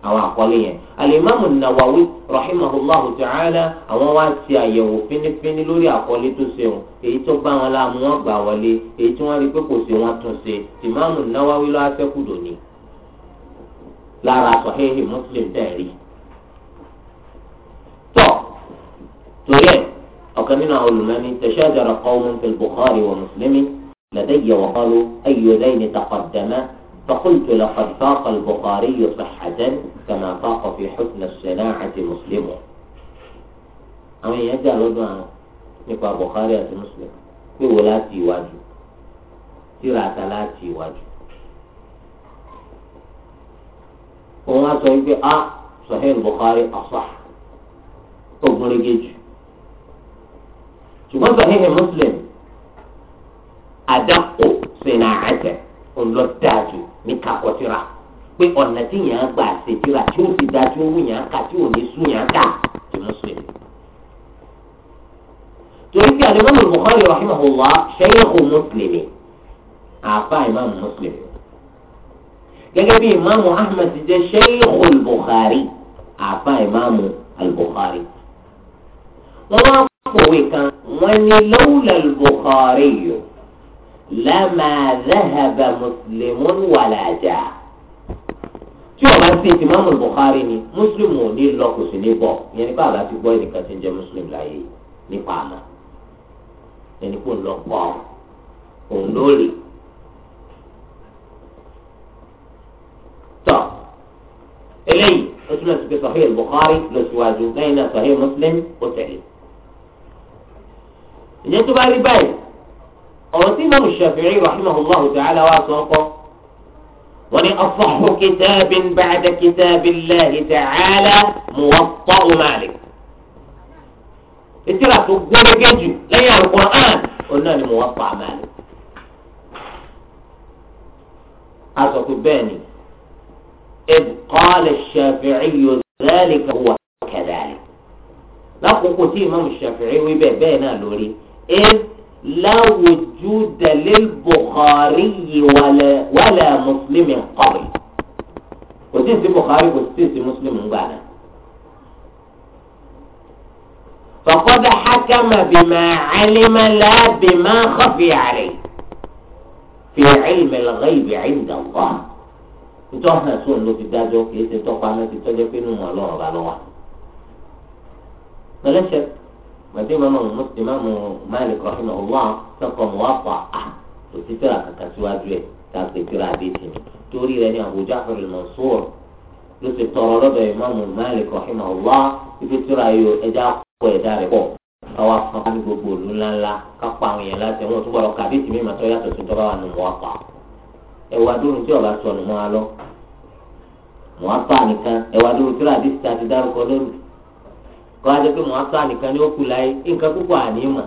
àwọn àkọlé yẹn alimami nawawi rahimahullahu ta'ala àwọn wá ti àyẹ̀wò fínífíní lórí àkọlé tó ṣe wọn èyí tó bá wọn láàmú wọn gbà wọlé èyí tí wọn rí pé kò ṣe wọn tún ṣe tìmáàmù nawawi ló aṣẹ́kù dòní lára sọ̀hẹ́hì muslim bẹ́ẹ̀ rí. tọ́ torí ẹ̀ ọ̀kan nínú àwọn olùmọ̀ni tashajara qawmun fil bukhari wa muslimi ladayya wa qalu ayyu dayni taqaddama فقلت لقد طاق البخاري صحة كما طاق في حسن الصناعة مسلم أما يجا لدى نفا بخاري أتي مسلم في ولاتي واجب في راتلاتي واجب وما سيبي أ صحيح البخاري أصح تبرجيج شو ما صحيح مسلم أدق صناعته ọlọ́dàjù ní kakọ́tìrà pé ọ̀nà tí yàn án gbà ṣètìrà tí ó ti dájú owó yàn án kà tí ò ní sún yàn án kà tí wọ́n sọ èlò. torí pé àdéhùn Bukhari rahimahullah shaykhu mùsùlùmí àfa ìmáàmù mùsùlùmí. gẹ́gẹ́ bí ìmáàmù Ahmad ti jẹ́ shaykhu Bukhari àfa ìmáàmù al wọ́n wá pòwe kan wọ́n ní lawla lama zahaba muslimun walaja tí o bá sí ìtìmọ́mù Bukhari ni muslim ò ní lọ kò sí ní bọ̀ ìyẹn nípa àbá ti gbọ́ ẹnìkan tí ń jẹ́ muslim láyé nípa àmọ́ ẹni kò ń lọ pọ̀ òun lórí. tọ́ eléyìí ó túmọ̀ sí pé Sahih Bukhari lọ síwájú lẹ́yìn náà Sahih Muslim ó tẹ̀lé. ìyẹn tó bá rí báyìí ọ̀rọ̀ tí imaamu shafi'i rahimahullahu ta'ala wa sọ kọ́ wọ́n ní asahhu kitaabin ba'da kitaabillahi ta'ala muwatta'u Malik. ìtìrà tó gbẹ́rẹ́gẹ́ jù lẹ́yìn al-Qur'an òun náà ni muwatta'u Malik. a sọ pé bẹ́ẹ̀ ni إذ قال الشافعي ذلك هو كذلك. lákòókò tí imaamu shafi'i wí bẹ́ẹ̀ bẹ́ẹ̀ náà lórí إذ لا وجود للبخاري ولا ولا مسلم قوي وتين في البخاري وتين في مسلم بعد فقد حكم بما علم لا بما خفي عليه في علم الغيب عند الله nítorí wọn náà sóun ló fi dájọ́ kì í ṣe tọpa náà ti tọjọ pé nínú Ọlọ́run ọba ló wà lọlẹsẹ gbàdé mọ́mọ́ mùsùlùmí mọ́mọ́ Malik rahimahullah sọ́kọ̀ muwatta ah, kò sí tíra kankan síwájú ẹ̀ tá a pè tíra àdéhìí torí rẹ̀ ní Abu Ja'far al-Mansur ló ti tọrọ lọ́dọ̀ ìmọ̀mù Malik rahimahullah ibi tíra yóò ẹja kọ ẹ̀dá rẹ̀ pọ̀ káwá fún wa ní gbogbo òlu ńláńlá kápá àwọn èèyàn láti ẹ̀wọ̀n tó gbọ́dọ̀ kàbíyèsí mímọ́ tó yàtọ̀ sí tọ́ba wà ní muwatta ẹ̀wà dúró tí ọ̀bá sọnù mọ́ alọ́ muwatta nìkan ẹ̀wà dúró tíra àdéhìí kọ́ adé pé mọ̀ọ́sá nìkan ni ó kù láyé nǹkan púpọ̀ àní mà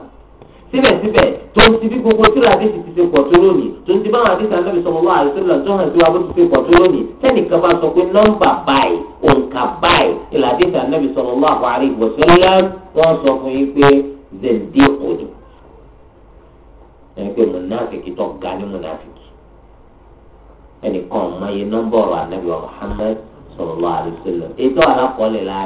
síbẹ̀síbẹ̀ tó ń ti bí gbogbo tíra àdéhùn ti ṣe pọ̀ tó lónìí tó ń ti báwọn àdéhùn àlọ́bí sọ̀rọ̀ wá àdéhùn tó hàn sí wa bó ti ṣe pọ̀ tó lónìí tẹ́nìkan bá sọ pé nọ́mbà báyìí òǹkà báyìí ìlà àdéhùn àlọ́bí sọ̀rọ̀ wá àwárí ìwọ̀sẹ̀lẹ̀ wọ́n sọ fún yín pé zèndé kojú. ẹni pé mùnáfìkì tó ga ní mùnáfìkì ẹnìkan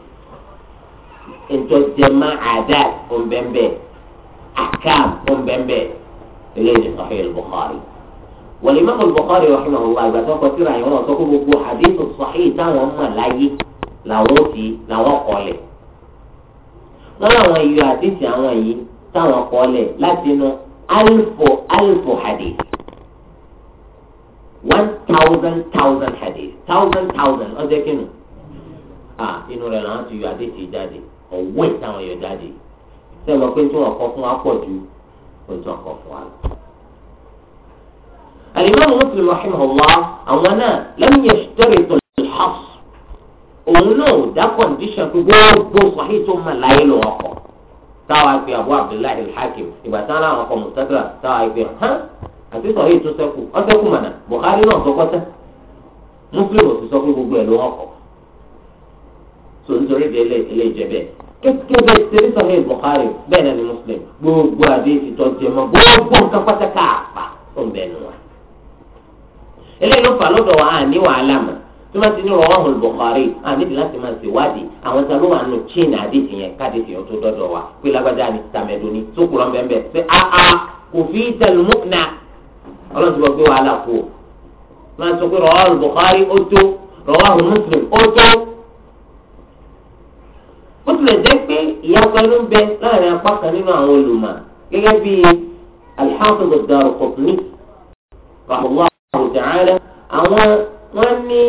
ntọ́jẹ́má àdáà ọ̀nbẹ́nbẹ́ àkàm ọ̀nbẹ́nbẹ́ eléyìí sahih al-bukhari wal-imam al-bukhari rahimahullah ìgbà tó kọ síra yìí wọn sọ pé gbogbo hadithu sahih táwọn mọ̀ láyé làwọn fi làwọn kọlẹ̀ lọ́nà àwọn ìyọ̀ àdìsí àwọn yìí táwọn kọlẹ̀ láti inú alifu alifu hadith one thousand thousand hadith thousand thousand ọjọ́ kínú ah inú rẹ̀ làwọn ti yọ àdìsí jáde ọ̀wọ́ ìtàwọn èèyàn jáde ṣé wọn pé tí wọn kọ fún wa pọ̀ ju ohun tí wọn kọ fún wa lọ. alimami muslim rahimahullah àwọn náà lẹ́yìn ìṣẹ́rì tó lè house òun náà ò dá condition pé gbogbo sàhí tó mọ̀ láyé lọ ọkọ̀ táwa gbé abu abdullahi alhakim ìgbà táwọn àwọn ọkọ̀ mùsàdúrà táwa gbé hàn àti sàhí tó sẹ́kù ọ̀sẹ̀kù mọ̀nà buhari náà sọ́kọ́sẹ́ muslim ò ti sọ pé gbogbo ẹ̀ ló ọkọ̀ tó nítorí bí ilé ìjẹbẹ kékeré bẹ́ẹ̀ ṣe sọ ní Bukhari bẹ́ẹ̀ náà ni Muslim gbogbo àdé ìfitọ jẹmọ gbogbo nǹkan pátákà àpà tó ń bẹ nù wa. eléyìí ló fà lọ́dọ̀ wa àní wàhálà mọ̀ tó máa ti ní rọwọ́ hàn Bukhari àníbi láti máa ṣe wádìí àwọn tá ló wà nù chain àdéhìí yẹn káàdéhìí yẹn tó dọ́dọ̀ wa pé lágbájá ni tàmẹ́dọ́ni tó kúrọ̀ ń bẹ́ẹ̀ bẹ́ẹ̀ pé aa kò fi tẹlumọ́nà ọlọ́run ti bọ̀ pé wàhálà kú o máa sọ pé rọwọ́ o Bukhari tó rọwọ́ hàn Muslim ó tó ó tilẹ̀ jẹ́ pé ìyapa ẹnu ń bẹ láàrin apá kan nínú àwọn olùmọ̀ gẹ́gẹ́ bí al-Hafiz ad-Daraqutni rahimahullahu ta'ala àwọn wọ́n ní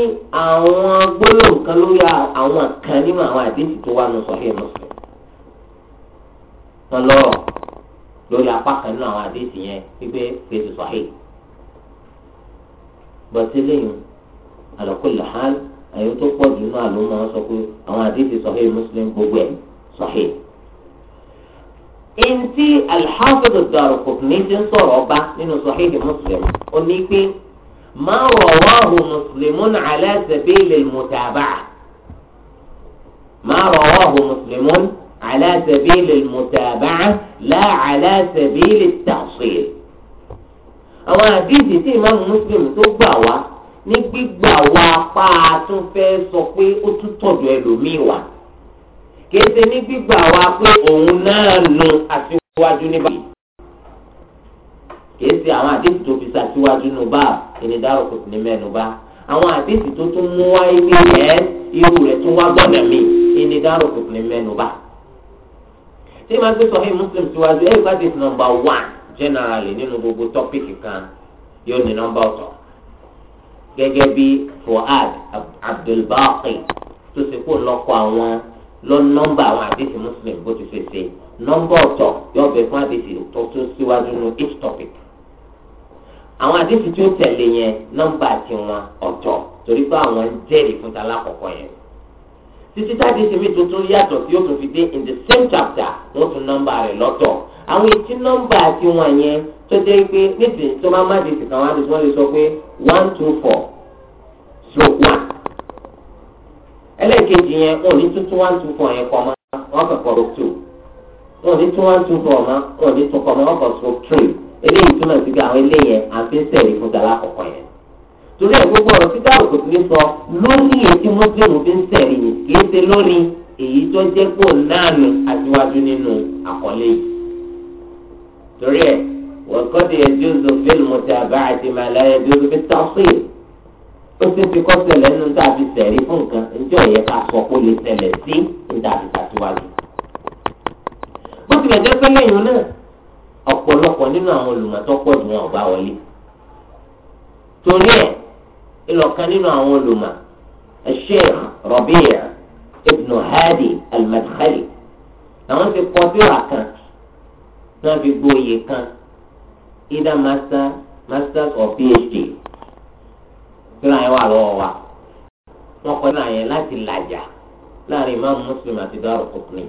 àwọn gbólóhùn kan lórí àwọn kan nínú àwọn àdéhùn tó wà ní Sahih Muslim wọn lọ́rọ̀ lórí apá kan nínú àwọn àdéhùn yẹn wípé fèsì Sahih bọ́tí lẹ́yìn ala kulli àyè tó pọ̀ jù náà ló máa ń sọ pé àwọn àdìsí sahih muslim gbogbo ẹ̀ sahih. Ntí al-Hafiz ad-Daraqutni ti ń sọ̀rọ̀ ọba nínú sahih muslim ó ní pé ma rawahu muslimun ala sabili al-mutaba'ah ma rawahu muslimun ala sabili al-mutaba'ah la ala sabili at àwọn àdìsí tí ìmáàmù muslim tó gbà wá ní gbígbà wa pa tún fẹ́ sọ pé ó tún tọ̀dọ̀ ẹlòmíì wá kéde ní gbígbà wa pé òun náà nu aṣíwájú ní báyìí kéde àwọn àdéhùn tó fi ṣàṣíwájú nù bá ìnidárò kò sì ní mẹ́nu bá àwọn àdéhùn tó tún mú wáyé ní ẹ̀ irú rẹ̀ tún wá gbọ́dọ̀ mi ìnidárò kò sì ní mẹ́nu bá tí ma gbé sọ̀hìn muslim síwájú ẹ̀ nọmba one generally nínú gbogbo tọ́pìkì kan yóò ní nọmba ọ̀tọ̀ gẹ́gẹ́ bí Fuad Abdulbaqi tó ṣe kó lọ́kọ̀ àwọn lọ nọ́mbà àwọn àdìsí Muslim bó ti ṣe ṣe nọ́mbà ọ̀tọ̀ yóò bẹ fún àdìsí tó tó síwájú ní each topic. àwọn àdìsí tó tẹ̀lé yẹn nọ́mbà tiwọn ọ̀tọ̀ torí pé àwọn jẹ́rìí fún tala kọ̀kọ́ yẹn. títí táàdìsí mi tuntun yàtọ̀ tí ó tún fi dé in the same chapter wọ́n tún nọ́mbà rẹ̀ lọ́tọ̀ àwọn etí nọ́mbà àti wọn yẹn tó jẹ́ pé nísìnyí tó máa má di ìsìnkà wọn lè sọ pé one two four stroke one ẹlẹ́ẹ̀kejì yẹn wọn ò ní tún one two four yẹn kọ́ ma wọn kàn kọ́ two wọn ò ní tún one two four ma wọn ò ní tún kọ́ ma wọn kọ́ stroke three eléyìí túmọ̀ sí pé àwọn eléyẹn àti ń sẹ̀rí fún tala kọ̀kọ́ yẹn torí ẹ̀ gbogbo ọ̀rọ̀ títà òkò tí ń sọ lórí èyí mọ́tìrù fi ń sẹ̀rí yìí kì í ṣe lórí èyí tó jẹ́ pé náà nù àtiwájú nínú àkọlé yìí torí ẹ̀ wọ́n kọ́ di ẹjọ́ zòfin mọ̀tàbá àti màláyà bí orí fi tọ́sí ó sì ti kọ́ sẹlẹ̀ nínú tá a fi sẹ̀rí fún nǹkan njẹ́ ọ̀yẹ́ ká sọ pé ó lè ṣẹlẹ̀ sí níta fi tàṣíwájú. bó tilẹ̀ jẹ́ pé lẹ́yìn náà ọ̀pọ̀lọpọ̀ nínú àwọn olùmọ̀tọ́pọ̀ ni wọn ò wọlé. torí ẹ̀ ìlọ̀kan nínú àwọn olùmọ̀ Sheikh Rabi' ibn Hadi al-Madkhali ti kọ́ síra kan náà fi gboyè kan either master masters or phd tíra yẹn wà lọ́wọ́ wa wọ́n kọ́ tíra yẹn láti làjà láàrin imam muslim àti dáhùn kòkòrò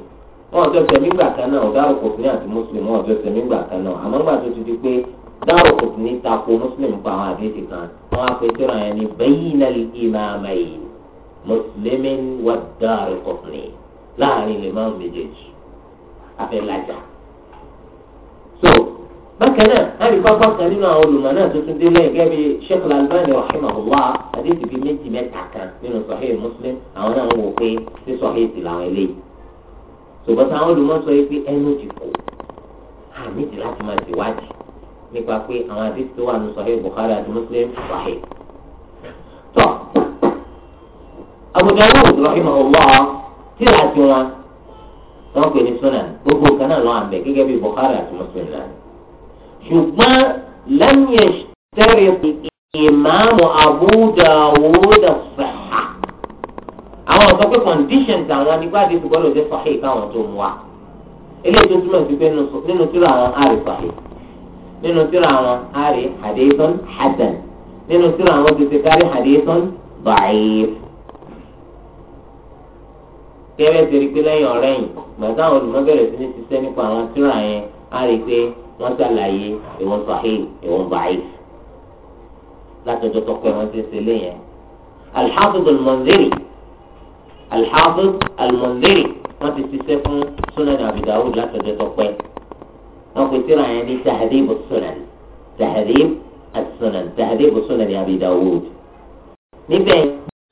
wọn ọjọ́ sẹ́mi gbà kan náà dáhùn kòkòrò àti muslim wọn ọjọ́ sẹ́mi gbà kan náà àmọ́ gbà tó ti di pé dáhùn kòkòrò tako muslim pa àwọn àdéhìí kan wọn á pe tíra yẹn ní baynal imamayn muslimin wa dáhùn kòkòrò láàrin imam méjèèjì afẹ́ làjà so bákan náà láti pápá kan nínú àwọn olùmọ̀ náà tó tún délé gẹ́gẹ́ bí sheikh al-albani rahimahullah àdéhùn bíi méjì mẹ́ta kan nínú sahih muslim àwọn náà wò pé sí sahih ti làwọn eléyìí ṣùgbọ́n táwọn olùmọ̀ sọ pé ẹnu ti kù àmìtì láti máa ṣèwádìí nípa pé àwọn àdéhùn tó wà ní sahih bukhari àti muslim sahih. tọ́ Abu Dawud rahimahullah tí a ti wọn wọ́n pè ní sunan gbogbo nǹkan náà lọ́wọ́ àbẹ̀ gẹ́gẹ́ bí Bukhari àti Muslim náà. ṣùgbọ́n lẹ́yìn tẹ́rẹ̀ ìmáàmù Abu Dawud sàhà àwọn ọ̀sán pé conditions àwọn nípa àdìsí gbọ́dọ̀ jẹ́ sàhì káwọn tó mú wa. eléyìí tó túmọ̀ sí pé nínú tíra àwọn àrè sàhì nínú tíra àwọn àrè hadithun hasan nínú tíra àwọn tètè kárí hadithun da'if kẹ́rẹ́ ti rí pé lẹ́yìn ọ̀rẹ́ yìí gbàtà àwọn olùmọ̀bẹ̀rẹ̀ sí ní ṣiṣẹ́ nípa àwọn tíra yẹn á rí i pé wọ́n ṣàlàyé ìwọ̀n sahih ìwọ̀n ba'if látọjọ́ tọpẹ́ wọn ti ṣe léyìn. al-Hafiz al-Munziri al-Hafiz al-Munziri wọ́n ti ṣiṣẹ́ fún Sunan Abi Dawud látọjọ́ tọpẹ́ wọ́n pe tíra yẹn ní Tahdhib sunan Tahdhib sunan Tahdhib sunan Abi níbẹ̀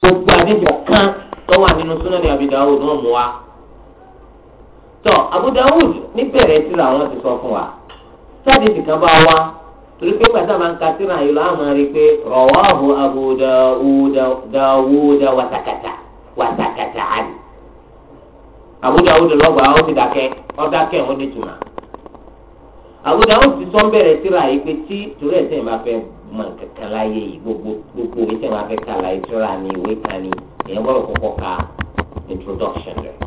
gbogbo àdébọ̀ kan tọ́wọ́ nínú súnẹ́nì Abi Dawud náà mú wa. tọ́ Abu Dawud níbẹ̀rẹ̀ tí làwọn ti sọ fún wa sáàdì sì kan bá wa torí pé gbàtà máa ń ka síra yìí lọ́wọ́ àmọ́ rí i pé rawahu Abu Dawud wàtàkàtà wàtàkàtà àdì. Abu Dawud lọ́gbà ó ti dàkẹ́ ó dákẹ́ ó ní tùmà. Abu Dawud ti sọ ń bẹ̀rẹ̀ síra yìí pé tí torí ẹ̀sìn ìbá fẹ́ mọ nǹkan kan láyé yìí gbogbo gbogbo ìwé tí wọn fẹ́ kà láyé sọ́ra ni ìwé kan ni èèyàn gbọ́dọ̀ kọ́kọ́ ka introduction rẹ̀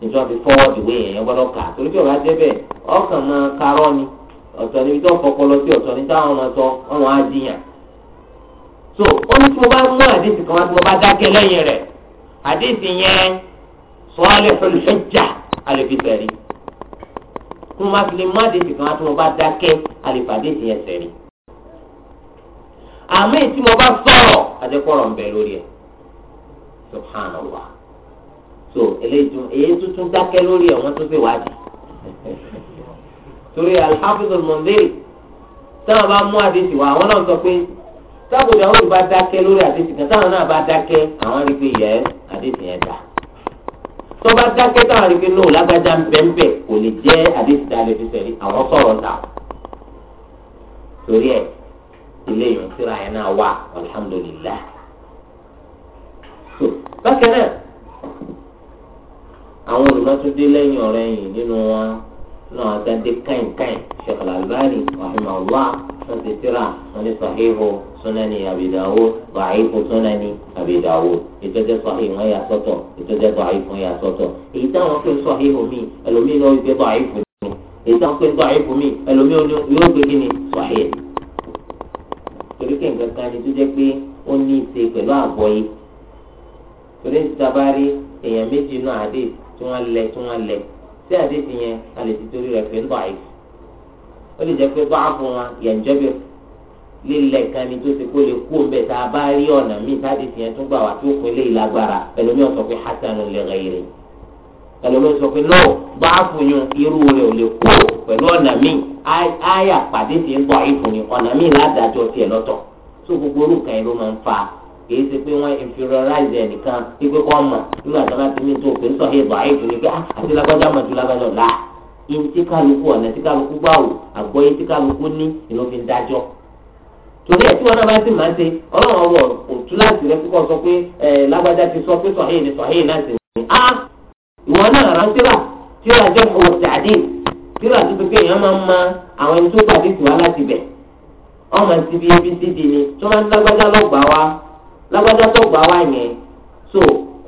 nítorí wọn fi fọwọ́dì ìwé èèyàn gbọ́dọ̀ kà torí bí ọ̀rá jẹ́ ọkàn máa karọ́ ni ọ̀tọ̀ níbi tó fọpọlọ sí ọ̀tọ̀ ní táwọn ọmọ sọ ọ̀run á so ó ní tí mo bá mú àdéhùn kan wá tí mo bá dákẹ́ lẹ́yìn rẹ̀ àdéhùn yẹn sọ́ọ́lẹ̀ pẹ̀lú ṣẹ́jà àlèfisẹ̀rí kó má fi lè má àdéhùn kan wá tí mo bá dákẹ́ àlèfàdéhùn yẹn sẹ̀rí àmì tí mo bá sọ̀rọ̀ àjẹpọ̀rọ̀ ń bẹ lórí ẹ̀ subhanallah so eléjú èyí tuntun dákẹ́ lórí ẹ̀ wọ́n tún fi wádìí torí alhafiz al-Mundhiri táwọn bá mú àdéhùn wá àwọn náà sọ pé sábò Dawud bá dákẹ́ lórí àdéhùn kan táwọn náà bá dákẹ́ àwọn rí pé yẹ àdéhùn yẹn dá tó bá dákẹ́ táwọn rí pé náà lágbájá bẹ́ẹ̀nbẹ́ kò lè jẹ́ àdéhùn dá lè fi sẹ́rí àwọn sọ̀rọ̀ dà torí ẹ̀ ilé yìí síra yẹn náà wà alhamdulillah. bákan náà àwọn olùmọ̀tòdé lẹ́yìn ọ̀rẹ́ yìí nínú wọn náà gàdé káìnkáìn Sheikh Al-Albani rahimahullah wọn ti síra wọn ní sahihu sunani Abi Dawud da'ifu sunani Abi Dawud ìtọ́jẹ́ sahih wọn yà sọ́tọ̀ ìtọ́jẹ́ da'ifu wọn yà sọ́tọ̀ èyí táwọn pè sahihu mi ẹlòmíràn ó gbé da'ifu mi èyí táwọn pè da'ifu mi ẹlòmíràn yóò gbé kí ni sahih torí pé nǹkan kan ni tó jẹ́ pé ó ní í ṣe pẹ̀lú àgbọ́yé torí ní sábà rí èèyàn méjì náà àdé tí wọ́n lẹ̀ tí wọ́n lẹ̀ tí àdé ti yẹn a lè ti torí rẹ̀ pé ń bọ̀ àìsí ó lè jẹ́ pé bá a fún wa yẹ̀ǹjẹ́bẹ̀ lílẹ̀ kan ni tó ṣe kó lè kú òǹbẹ̀ tá a bá rí ọ̀nà míì tá àdé ti yẹn tún gbà wá tó kún ilé pẹ̀lú mi ọ̀sán pé hasan lè rẹ̀ yìí ẹlòmíràn sọ pé no báàfù yun irú rẹ̀ ò lè kú pẹ̀lú ọ̀nà míì àyà pàdé tí ń bọ̀ ìfún ni ọ̀nà míì ládàjọ́ tiẹ̀ lọ́tọ̀ tó gbogbo orúkọ yẹn ló máa ń fa kìí ṣe pé wọ́n inferiorize ẹnìkan pípé kọ́ mọ̀ nínú àtàlà tí mi tó pé ń sọ ìbọ̀ ìfún ni pé ah, àti lágbájá mọ̀ ju lágbájá ọ̀la iye tí kálukú ọ̀nà tí kálukú gbà wò àgbọ̀ iye tí kálukú ní ìlú fi ń dájọ́ torí ẹ̀ tí wọn náà bá sì máa ń ṣe ọlọ́run ọ̀rọ̀ òtún láti rẹ kíkọ́ sọ pé eh, lágbájá ti sọ pé sọ̀hìn ni sọ̀hìn náà sì ní. àwọn náà rán síra síra jẹ́ kó tàdí síra tó fi kéèyàn máa ma àwọn ẹni tó tàdí tù wá láti bẹ̀ ọmọ ti bí ebi ti di ni tó máa ń lágbájá lọ́gbà wá lágbájá tó gbà wá yẹn so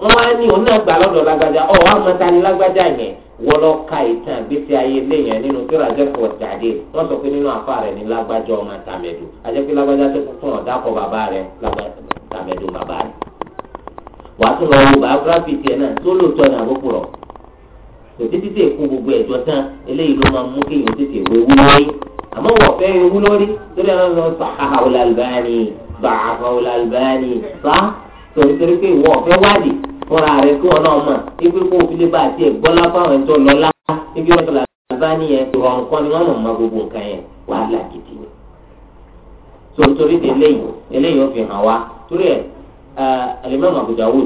wọ́n á ní òun náà gbà lọ́dọ̀ lágbájá ọ̀ wá ta ni lágbájá yẹn lọ ka ìtàn àgbésí ayé léèyàn nínú síra jẹ́ kó tàdí sọ pé nínú kò títí tè kó gbogbo ẹ̀jọ́ tán eléyìí ló máa mú kéèyàn tètè wéwú lórí àmọ́ wọ́n fẹ́ ewu lórí lórí àwọn ọmọ sàhàhà ọ̀là àlùbáyàní bàhàhà ọ̀là àlùbáyàní sá torítorí pé ìwọ ọ̀fẹ́ wádìí fúnra rẹ̀ kí wọn náà mọ̀ ibi kó o fi lè bá àti ẹ̀gbọ́n lápá àwọn ẹ̀jọ́ lọ́lá ibi wọn sọ̀rọ̀ àlùbáyàní yẹn ìwọ nǹkan ni wọ́n mọ̀ mọ́ gbogbo nǹkan yẹn wàhálà gidi ni. torítorí eléyìí eléyìí ó fi hàn wá torí ẹ̀ alimami Abu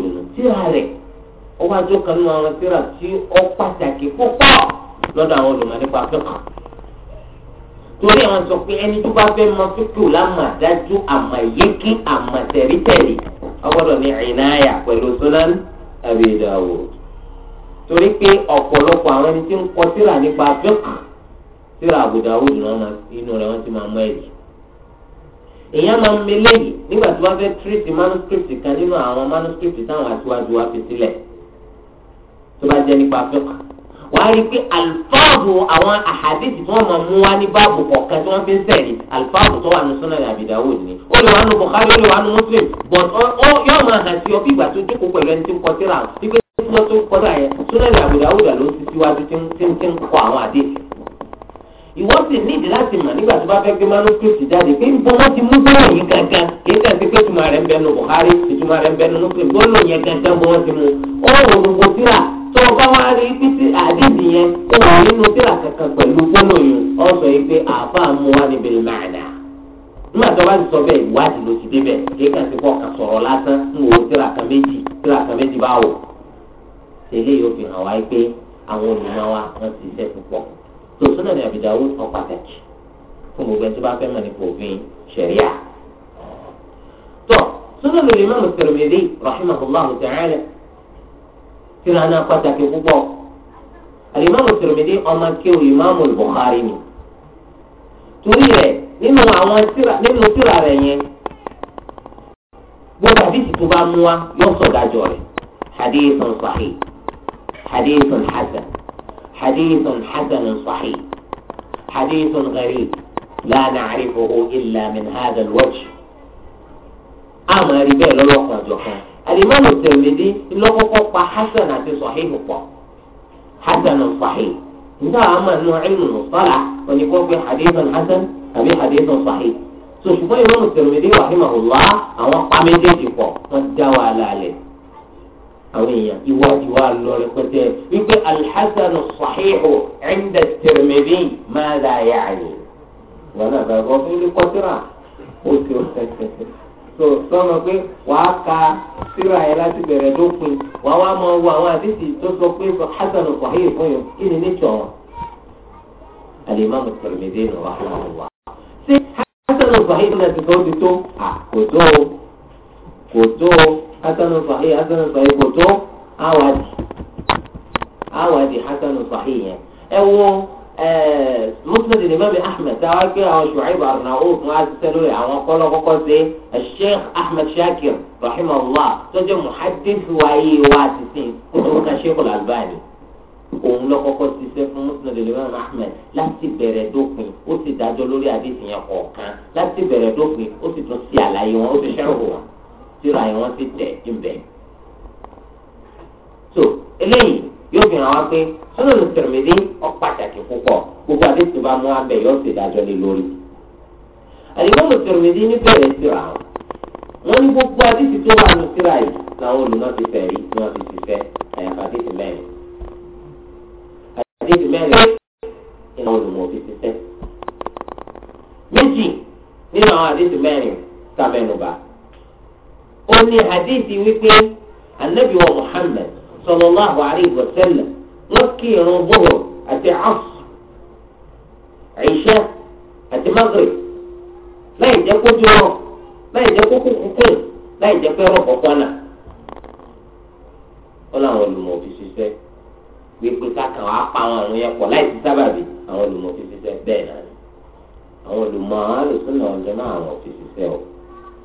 ó wá jó kan nínú àwọn tíra tí ó pàtàkì púpọ̀ lọ́dọ̀ àwọn olùmọ̀ nípa fíkà torí àwọn sọ pé ẹni tó bá fẹ́ mọ fíkà lámàdájú àmàyékí àmàtẹ̀rítẹ̀rì ọgbọ́dọ̀ ní ìnáyà pẹ̀lú sunan Abi Dawud torí pé ọ̀pọ̀lọpọ̀ àwọn ẹni tí ń kọ nípa náà inú rẹ̀ wọ́n ti máa mọ èèyàn máa ń meléyìí nígbà tí wọ́n fẹ́ manuscript kan nínú àwọn tó bá jẹ́ nípa fíkà wàá rí i pé alifáàbù àwọn àhàdìsì tí wọ́n máa mú wá ní báàbù kọ̀ọ̀kan tí wọ́n fi ń sẹ̀rí alifáàbù tó wà ní Sunan Abi Dawud ni ó lè wà nù Bukhari ó lè wà nù Muslim but ó yóò máa hàn sí ọ bí ìgbà tó jókòó pẹ̀lú ẹni tí ń kọ síra ọ wípé tí wọ́n tó ń kọ síra yẹn Sunan Abi Dawud ló ti síwájú tí ń kọ àwọn àdéhùn ìwọ sì nídìí láti mọ̀ nígbà tó bá fẹ́ gbé manuscript jáde pé níbo wọ́n ti mú bẹ́ẹ̀ yín gangan kì í tẹ̀sí pé ìtumọ̀ rẹ̀ ń bẹnu Bukhari ìtumọ̀ rẹ̀ ń bẹnu Muslim gbọ́dọ̀ yẹn gangan bọ́ wọ́n ti mú ó tó o bá wá rí títí àdìdì yẹn ó wà nínú tíra kankan pẹ̀lú gbólóyún ọ sọ yìí pé àáfà mú wa níbi màánà nígbà tó bá ti sọ bẹ́ẹ̀ ìwádìí ló ti débẹ̀ kéka ti kọ́ ka sọ̀rọ̀ lásán ń wo tíra kan méjì tíra kan méjì bá wò tẹ́lẹ̀ yóò fi hàn wáyé pé àwọn olùmọ̀ wa wọ́n ti ṣe púpọ̀ tó sọ́nà ní àbíjà ó sọ pàtàkì fún gbogbo ẹni tó bá fẹ́ mọ̀ nípa òfin ṣẹ̀ríà. tó sọ́nà lórí tíra náà pàtàkì púpọ̀ alimami Tirmidhi ọmọ kéwù imamu Bukhari ni torí rẹ̀ nínú àwọn tíra nínú tíra rẹ̀ yẹn gbogbo àdìsí tó bá mú wa yóò sọ dájọ rẹ̀ hadithun sahih hadithun hasan hadithun hasanun sahih hadithun gharib la na'rifuhu illa min hadha al-wajh àmọ́ rí bẹ́ẹ̀ lọ́lọ́kan àjọkan. alimami tẹ̀mídì ńlọ́kọ́kọ́ pa hasan àti sọ̀hìn pọ̀ hasan sọ̀hìn nígbà wàá máa nù ẹ̀mí mùsọ́là òní kó pé hadithan hasan àbí hadithan sọ̀hìn so ṣùgbọ́n imam tẹ̀mídì rahimahullah àwọn pa méjèèjì pọ̀ wọ́n dá wàhálà alẹ́ àwọn èèyàn ìwádìí wa lọ rẹpẹtẹ wípé alhassan sọ̀hìnù ẹ̀ńdà tẹ̀mídì máa dà yáàyè wọn náà bá gbọ́ fún ilé kọ́tìrà ó ti rẹ̀ tó sọmọ pé wàá ka síra yẹn láti bẹ̀rẹ̀ dópin wàá wá mọ wo àwọn àdìsí tó sọ pé hasan sahih fún yìí kí ni ní alimami Tirmidhi nù wà láwọn wà. ṣé hasan sahih náà ti tó tó kò tó kò tó hasan sahih hasan kò muslim ni mami ahmed táwa pé àwọn shuaib arnaud fún asẹ́lórí àwọn kọ́lọ́ kọ́kọ́ sí sheikh ahmed shakir rahimahullah tó jẹ́ muhaddith wáyé wá ti sìn kó tó kan sheikh al-albani òun lọ kọ́kọ́ ṣiṣẹ́ fún muslim imam ahmed láti bẹ̀rẹ̀ dópin ó sì dájọ́ lórí àdéhùn yẹn kọ̀ọ̀kan láti bẹ̀rẹ̀ dópin ó sì tún ṣe àlàyé wọn ó sì ṣẹ́rù wọn síra yẹn wọ́n sì tẹ̀ ń bẹ̀. so eléyìí yóò fi hàn wá pé Sunan Tirmidhi ó pàtàkì púpọ̀ gbogbo àdéhùn bá mú abẹ yóò sì dájọ́ lé lórí. Al-Imam Tirmidhi ní bẹ̀rẹ̀ síra o wọ́n ní gbogbo àdéhùn tó wà ní síra yìí làwọn olùmọ̀ ti fẹ̀ rí ni wọ́n ti ti fẹ́ àyàfà àdéhùn mẹ́rin. àdéhùn mẹ́rin ni àwọn olùmọ̀ ti ti fẹ́. méjì nínú àwọn àdéhùn mẹ́rin sábẹ́nuba ó ní àdéhùn wípé anabi wa Muhammad sallallahu alayhi wa sallam wọ́n kí irun bóhùn àti asr àìṣá àti maghrib láì jẹ́ kójú rọ̀ láì jẹ́ kókó kúkún láì jẹ́ pé rọ̀ kọ́kọ́ náà wọ́n làwọn olùmọ̀ fi ṣiṣẹ́ wípé kákan wàá pa àwọn àrùn yẹn pọ̀ láì sí sábàbí àwọn olùmọ̀ fi ṣiṣẹ́ bẹ́ẹ̀ náà ni àwọn olùmọ̀ àwọn àlùsùn náà ọjọ́ náà àwọn fi ṣiṣẹ́ o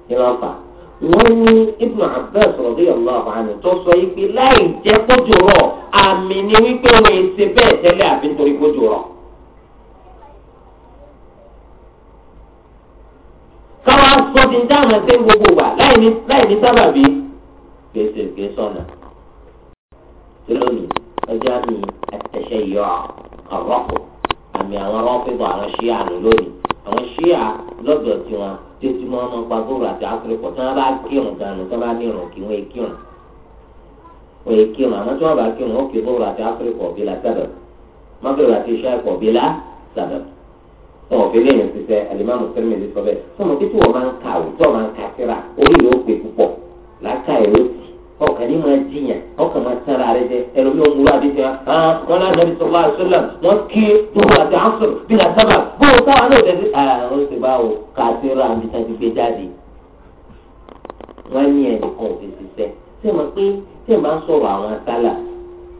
kí ló ń fà á wọ́n ní Ibn Abbas radiyallahu anhu tó sọ yìí pé láì jẹ́ kójú rọ̀ àmì ni wípé wọ́n ṣe bẹ́ẹ̀ tẹ́lẹ̀ àfi nítorí kójú rọ̀. káwa sọ ti ń dáhùn ẹsẹ̀ gbogbo wa láì ní sábàbí gbèsè gbèsọ̀nà lónìí ọjọ́ àmì àtẹ̀ṣẹ́ yọ ọ̀rọ̀kù àmì àwọn ọlọ́fíìbọ̀ àwọn ṣíà lónìí àwọn ṣíà lọ́dọ̀ tiwọn tí o ti mọ ọmọ pa zoro àti afirikọ tí wọn bá kírun ganu tí wọn bá ní irun kí wọn kírun wọn kírun àmọ́ tí wọn bá kírun ó kí zoro àti afirikọ bí la sábẹ mọbìrì àti iṣẹ ẹkọ bí la sábẹ wọn ò fi léyìn sísẹ alimá mùsùlùmí lè sọ bẹ́ẹ̀ sọmọ títí wọn máa ń kà ó tí wọn máa ń kà síra orí yóò pè púpọ̀ làákà ẹ ló ti ọkàn ní máa jiyàn ọkàn máa tẹ́ra rẹ jẹ ẹlòmí òmùrú àdéjẹ hàn wọn náà nàbí sọlá àṣọlá wọn kí tóun àti àṣọ bí la sábà bóun táwọn náà dẹ̀ sí. Ah, ó sì bá wò ká sí ra àmì tán ti gbé jáde wọn ní ẹnì kan ò fi ṣiṣẹ́ ṣé mo pé ṣé máa ń àwọn sálà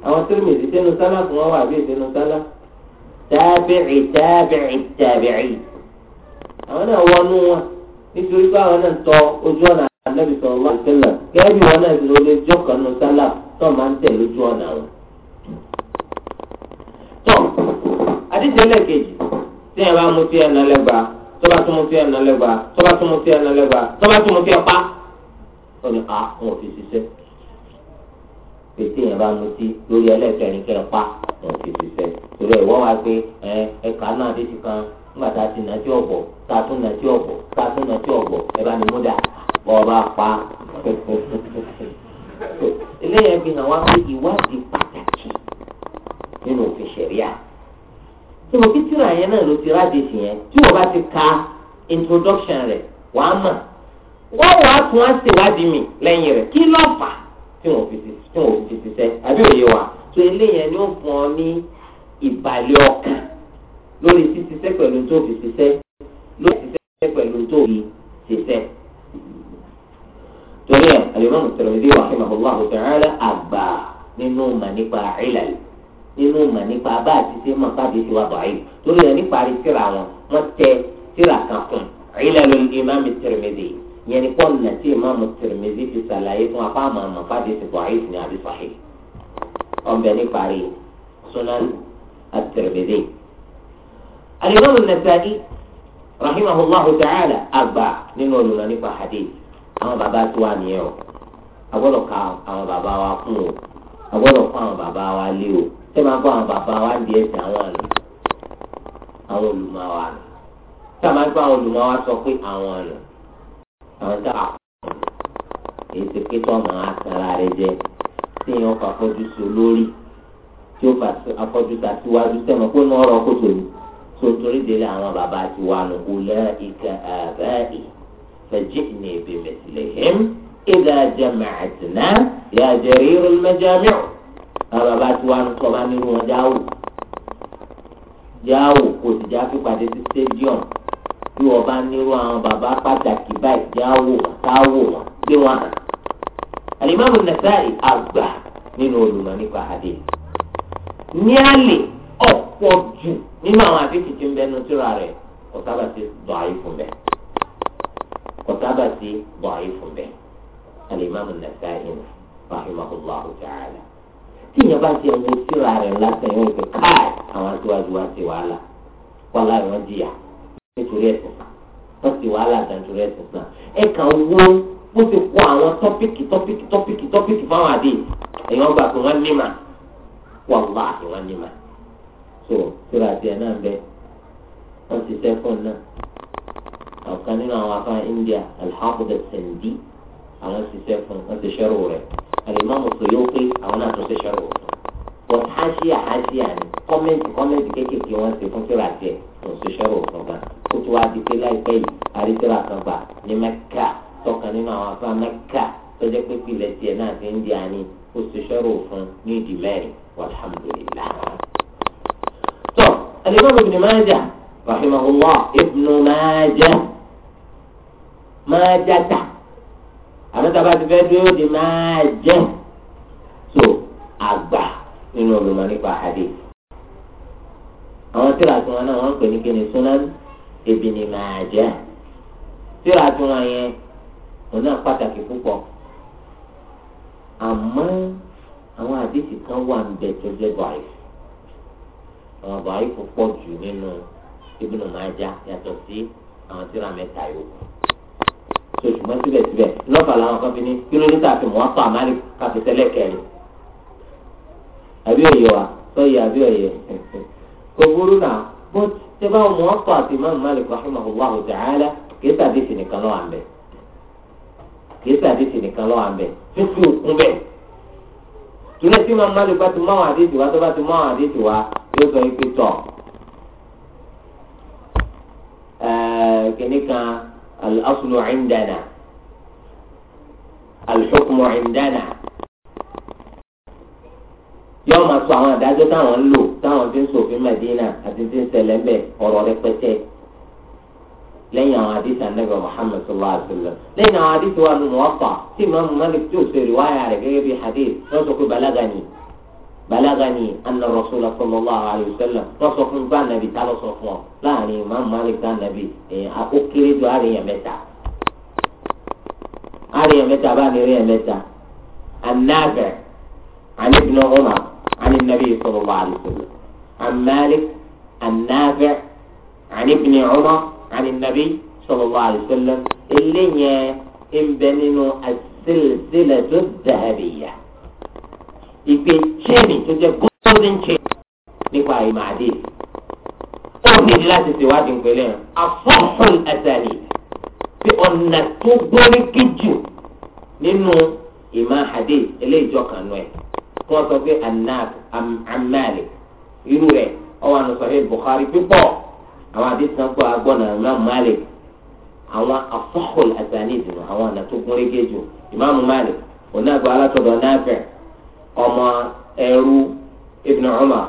àwọn tírímìtì sínú sálà fún wọn wà bí sínú sálà tábìrì tábìrì tábìrì àwọn náà wọnú wọn nítorí pé àwọn náà tọ ojú ọ̀nà anabi sọ̀rọ̀ wá ìtẹ́lẹ̀ gẹ́gẹ́ bí wọn náà ti lóde jọ́ kanú sálà tó máa ń tẹ̀ lójú ọ̀nà rẹ̀. tó adíjẹ́lẹ̀ kejì tí ẹ bá mú sí ẹ̀ náà lẹ́gbàá tó bá tún mú sí ẹ̀ náà lẹ́gbàá tó bá tún mú sí ẹ̀ náà lẹ́gbàá tó bá tún mú sí ẹ̀ pa ó ní a ah, wọn ò fi ṣiṣẹ́ pété yẹn bá mú sí lórí ẹlẹ́kẹ̀rin kẹ́ ẹ pa wọn ò fi ṣiṣẹ́ torí ẹ̀ wọ́n wá pé ẹ ẹ̀ka náà dé ti kan nígbà tá a ti nà sí ọ̀bọ̀ tá a tún nà sí ọ̀bọ̀ tá a tún nà sí ọ̀bọ̀ ẹ bá ní mú dáa ọba pa eléyẹn fi hàn wá pé ìwádìí pàtàkì nínú òfin ṣẹ̀ríà tí mo fi tíra yẹn náà ló ti ráde sí yẹn tí o bá ti ka introduction rẹ̀ wàá mọ̀ wọ́n wàá tún á ṣèwádìí mi lẹ́yìn rẹ̀ kí ló fà tí wọ́n fi ti ṣiṣẹ́ àbí òye wa tó eléyẹn ni ó fún ọ ní ìbàlẹ̀ ọkàn lórí ṣíṣiṣẹ́ pẹ̀lú tó fi ṣiṣẹ́ lórí ṣíṣiṣẹ́ pẹ̀lú tó fi ṣiṣẹ́. torí ẹ alimami Tirmidhi rahimahullahu ta'ala àgbà nínú mà nípa ilal nínú mà nípa bá àti ṣe mọ bá àti ṣe wà báyìí torí ẹ nípa rí síra wọn wọn tẹ síra kan fún ilalul imam Tirmidhi yẹn ni pọ́ùn náà tí imam Tirmidhi fi ṣàlàyé fún apá àmọ́ àmọ́ bá àti ṣe báyìí fún yàrá sahih ọbẹ̀ nípa rí sunan at-Tirmidhi. alimami Nasa'i rahimahullahu ta'ala àgbà nínú olùlọ nípa hadith. àwọn bàbá tí wà ní ẹ o agbọ́dọ̀ ka àwọn bàbá wa kún o agbọ́dọ̀ kún àwọn bàbá wa lé o ṣé máa kó àwọn bàbá wa di ẹsẹ̀ àwọn àná àwọn olùmọ̀ wa àná ṣé máa kó àwọn olùmọ̀ wa sọ pé àwọn àná àwọn tá a kọ èyí ti pé tó máa tara rẹ jẹ tí èèyàn kọ afọ́jú sí olórí tí ó fà afọ́jú ta síwájú sẹ́nu pé ní ọ̀rọ̀ kò tó ní tó torí délé àwọn bàbá ti wà nù kó lẹ́ ìkà àbẹ́ ìkà. فجئني بمثلهم إذا جمعتنا يا جرير المجامع bàbá bá ti wá ń sọ bá nínú wọn jáwò jáwò kò sì já fi pàdé sí stadium bí wọn bá nírú àwọn bàbá pàtàkì báyìí jáwò káwò wọn gbé wọn hàn. alimami Nasa'i àgbà nínú olùmọ̀ nípa àdé ní àlè ọ̀pọ̀ jù nínú àwọn àdéhùn tí ń bẹnu síra rẹ̀ ọ̀sábàtì dọ̀ àyè fún bẹ́ẹ̀ kọtaba sí bọ̀ọ̀yì fún bẹ́ẹ̀ alimami Nasa'i rahimahullahu ta'ala tí ìyẹn bá ti ẹ̀wọ̀n síra rẹ̀ lásán yóò fi káà àwọn aṣíwájú wa ti wàhálà wàhálà wọn jìyà nítorí ẹ̀sìn wọn ti wàhálà dàntorí ẹ̀sìn náà ẹ̀ka owó bó ti kó àwọn tọ́pìkì tọ́pìkì tọ́pìkì tọ́pìkì fáwọn àdé ẹ̀yàn gbà pé wọ́n nímà wàhálà àti wọ́n nímà so síra tiẹ̀ náà bẹ́ẹ̀ wọ́n ti sẹ́fún náà ọ̀kan nínú àwọn afá India alḥafiz sindi àwọn ṣiṣẹ́ fún wọn ti ṣẹ́rù rẹ̀ alimami Suyuti àwọn náà tún ti ṣẹ́rù rẹ̀ but haṣíà haṣíà ni kọ́mẹ́ǹtì kọ́mẹ́ǹtì kéékèèké wọn ti fún tíra jẹ wọn ti ṣẹ́rù rẹ̀ fún gan kó tó wá di pé láìpẹ́ yìí àríṣẹ́ra kan gbà ní Mẹ́kà tọkàn nínú àwọn afá Mẹ́kà tọ́jọ́ pé pilẹ̀ tiẹ̀ náà ti India ni ó ti ṣẹ́rù fún ní ìdí mẹ́rin walhamdulillah. tọ́ alimami Ibn máa játa àmọ́ tá a bá ti fẹ́ dúró de máa jẹ́ so àgbà nínú olùmọ̀ nípa hadith àwọn tíra tí wọn náà wọn ń pè ní kíni sunan Ibn Majah tíra tí wọn yẹn wọn náà pàtàkì púpọ̀ àmọ́ àwọn àdéhìí kan wà ń bẹ tó jẹ́ báyìí àwọn báyìí púpọ̀ jù nínú Ibn Majah yàtọ̀ sí àwọn tíra mẹ́ta yòókù tó ṣùgbọ́n síbẹ̀síbẹ̀ lọ́fà làwọn kan fi ní kílómítà àti mọ́tò àmàlì káfí tẹ́lẹ̀ kẹrin àbí òye wa sọ́yì àbí òye kò burú náà bó ṣe bá mọ́tò àti mọ́tò àmàlì rahimahullahu ta'ala kìí sàdísì nìkan lọ́wọ́ àmbẹ̀ kìí sàdísì nìkan lọ́wọ́ àmbẹ̀ fífi òkun bẹ̀ tùlẹ̀ tí mọ́tò àmàlì bá ti mọ́ àwọn àdéhùn wa tó bá ti mọ́ àwọn àdéhùn wa yóò sọ yín pé tọ̀ ẹ̀ẹ́d الأصل عندنا الحكم عندنا yóò máa sọ àwọn àdájọ́ táwọn ń lò táwọn ti ń ṣòfin Madina àti ti ń ṣẹlẹ̀ ńbẹ ọ̀rọ̀ rẹpẹtẹ lẹ́yìn àwọn àdìsí anábẹ́ Muhammad sallallahu alayhi wa sallam lẹ́yìn àwọn àdìsí wa nù wọ́n fà tí Imam Malik tí ò ṣe rìwáyà rẹ̀ gẹ́gẹ́ bí hadith wọ́n sọ pé balaga ni. بلغني أن الرسول صلى الله عليه وسلم رسول من بان نبي تعالى صفوان لا يعني ما مالك دان نبي أكوكي ريدو هذه يمتع هذه يمتع بان يري يمتع النافع عن ابن عمر عن النبي صلى الله عليه وسلم عن مالك النافع عن ابن عمر عن النبي صلى الله عليه وسلم اللي هي ان بنينو السلسله الذهبيه ìpè chain tó jẹ́ golden chain nípa ìmọ̀ àdé ó nídìí láti ṣèwádìí ìpínlẹ̀ afọ́fún ẹ̀sẹ̀lì tí ọ̀nà tó gbóríkì jù nínú ìmọ̀ àdé eléjọ kan nù ẹ̀ kí wọ́n sọ pé anab amalik irú rẹ̀ ọwọ́ àna sọ̀rọ̀ Bukhari pípọ̀ àwọn àdìsàn pọ̀ agbọ́nà Imam àwọn afọ́fún ẹ̀sẹ̀lì àwọn ọ̀nà tó gbóríkì jù alátọ̀dọ̀ náà bẹ̀rẹ̀. ọmọ ẹrú ibn Umar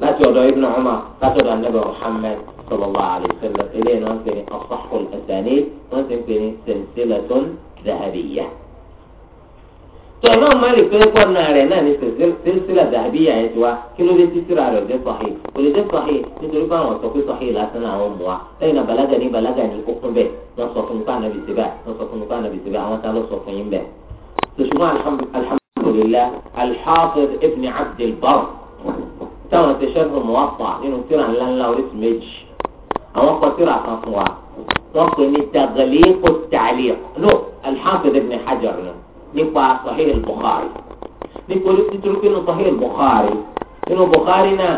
láti ọ̀dọ̀ ibn Umar láti ọ̀dọ̀ anabi Muhammad sallallahu alaihi wasallam eléyìí náà ń pè ní asahul asanid wọ́n sì ń pè ní silsilatun dhahabiyyah. tó iná mọ́lì pé pọ́nà rẹ̀ náà ní silsila dhahabiyyah yẹn ti wá kí ló dé títúrà rẹ̀ jẹ́ sahih kò lè jẹ́ sahih nítorí pé àwọn sọ pé sahih lásán náà àwọn mú wa lẹ́yìn náà balaga ní balaga ní okun bẹ́ẹ̀ wọ́n sọ fún mi alhamdulilah alḥafiz ibn abdulbar táwọn ti ṣẹ́gun muwafa nínú tíra ńlá ńlá oríṣi méjì àwọn kọ tíra kan fún wa wọn pè ní tagaliqu ta'liq no alḥafiz ibn hajar nípa sahih al-bukhari nítorí títúrú pé nínú sahih al-bukhari nínú bukhari náà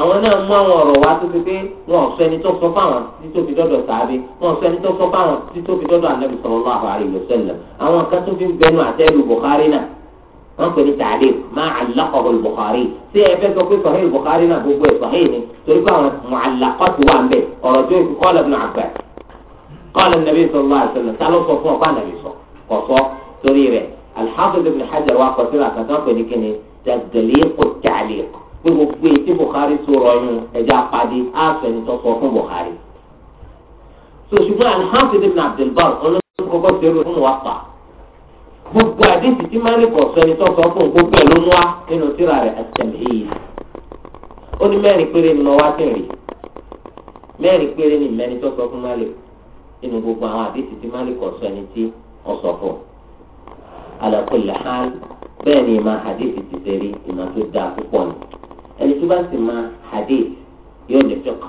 àwọn náà mú àwọn ọ̀rọ̀ wá tó fi pé wọn ò sọ ẹni tó sọ fáwọn títí fi dọ́dọ̀ sàábé wọn ò sọ ẹni tó sọ fáwọn títí fi dọ́dọ̀ anabi sallallahu alaihi wasallam àwọn kan fi bẹnu àtẹ́lu bukhari náà wọn pè ní tààlẹ máa alákọ̀ọ́ Bukhari tí ẹ fẹ́ sọ pé sọ̀hìn Bukhari náà gbogbo ẹ̀ sọ̀hìn ni torí pé àwọn mọ̀ alákọ̀ ti wà ń bẹ̀ ọ̀rọ̀ tó yẹ kọ́ lọ́dún àgbẹ̀ kọ́ lọ́dún nàbí sọ̀rọ̀ àṣẹlẹ̀ tá ló sọ fún ọ̀pá nàbí sọ kọ̀ sọ torí rẹ̀ Al-Hafiz Ibn Hajar wa kọ̀sí ra kàtà pè ní kíni dàgẹ̀lẹ́ kò tààlẹ̀ pé gbogbo etí Bukhari tó rọyún ẹ̀jẹ̀ apadi á fẹ́ni tó sọ fún Bukhari. so ṣùgbọ́n Al-Hafiz Ibn gbogbo àdéhùn tí malik ọ̀sọ́ni tó sọ fún gbogbo ẹ̀ ló ń wá nínú tírà rẹ̀ àtẹ̀lẹ́ yìí ó ní mẹ́rin péré ni mo wá tẹ̀lé mẹ́rin péré ni mẹ́ni tó sọ fún malik nínú gbogbo àwọn àdéhùn tí malik ọ̀sọ́ni tí ó sọ fún ala kulli hal bẹ́ẹ̀ ni ìmọ̀ àdéhùn ti tẹ̀lé ìmọ̀ tó dáa púpọ̀ ni ẹni tó bá sì máa hadith yóò ní fiqh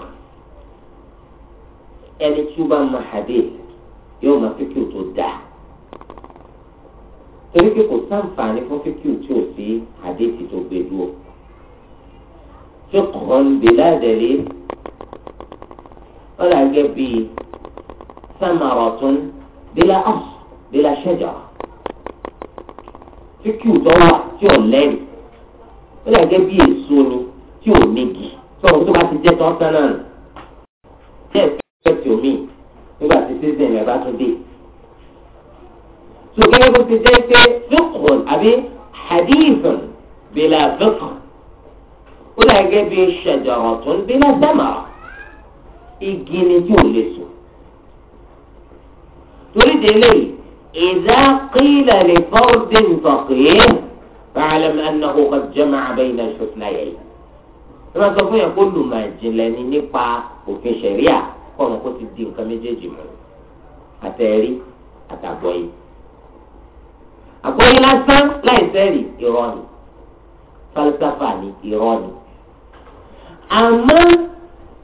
ẹni tó bá máa hadith yóò máa fiqh tó torí pé kò sáǹfààní fún fíkìú tí ò sí àdéhìí tó gbé dúró tó kàn bílá dẹ̀lé ọ̀là gẹ́ bíi sàmàrọ̀tún bílá ọ̀s bílá ṣẹ̀jà fíkìú tó wà tí ò lẹ́rìí ọ̀là gẹ́ bíi èso ni tí ò nígi sọ̀rọ̀ tó bá ti jẹ́ tán tán náà tẹ̀ ẹ̀ fẹ́ tí omi nígbà tí sísè rẹ̀ bá tún dé sókè bó ti jẹ́ pé fiqhun àbí hadithun bila fiqh ó dà gẹ́gẹ́ bí shajaratun bila samara igi ni tí ò lè so torí délé idha qila li fardin faqih fa'lam annahu qad jama'a bayna al-husnayn ẹ máa sọ fún yẹn kó lùmọ̀ ìjìnlẹ̀ ni nípa òfin ṣẹ̀ríà kọ́ ọ̀nà kó ti di nǹkan méjèèjì mọ́ àtẹ̀rí àtàgbọ́yé àgbọ́yé lásán láì sẹ́rì irọ́ ni falsafa ni irọ́ ni àmọ́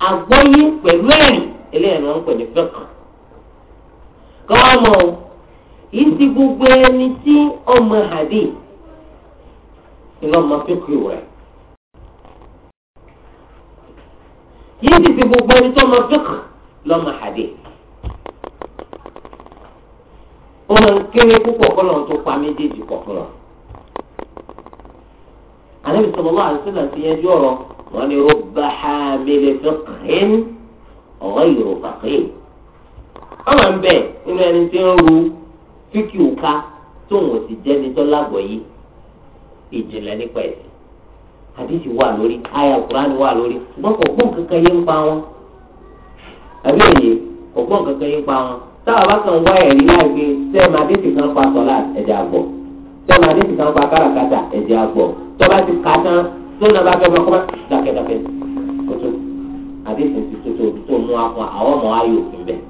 àgbọ́yé pẹ̀lú ẹ̀rí eléyìí ni wọ́n ń pè ní fẹ́kàn kọ́mọ yìí ti gbogbo ẹni tí ọmọ àdé ìlú ọmọ fíkì rẹ̀ yìí ti ti gbogbo ẹni tí ọmọ fíkì lọ́mọ àdé. ó kéré púpọ̀ kọ́lọ̀ tó pa méjèèjì pọ̀ fún wa. ti ọ̀rọ̀ wọn ni rubba hamil fiqhin ghayru faqih. wọ́n máa ń bẹ̀ nínú ẹni tí ń ru fíkì òka tóun ò sì jẹ́ni tó lágbọ̀ yìí ìjìnlẹ̀ nípa ẹ̀sìn àdìsí wà lórí àyà wà lórí táwọn bá kàn wá ẹ̀rí láì pé sẹ́ẹ̀mù adéṣì kan pa sọ́lá ẹ̀jẹ̀ àgbọ̀ sẹ́ẹ̀mù adéṣì kan pa káràkátà ẹ̀jẹ̀ àgbọ̀ tọ́ba ti kà tán lónà bá fẹ́ ọmọkọ́ dákẹ́dákẹ́ kótó adéṣì ti tótó tó mú àwọn àwọn ọmọ ayò òfin bẹ́ẹ̀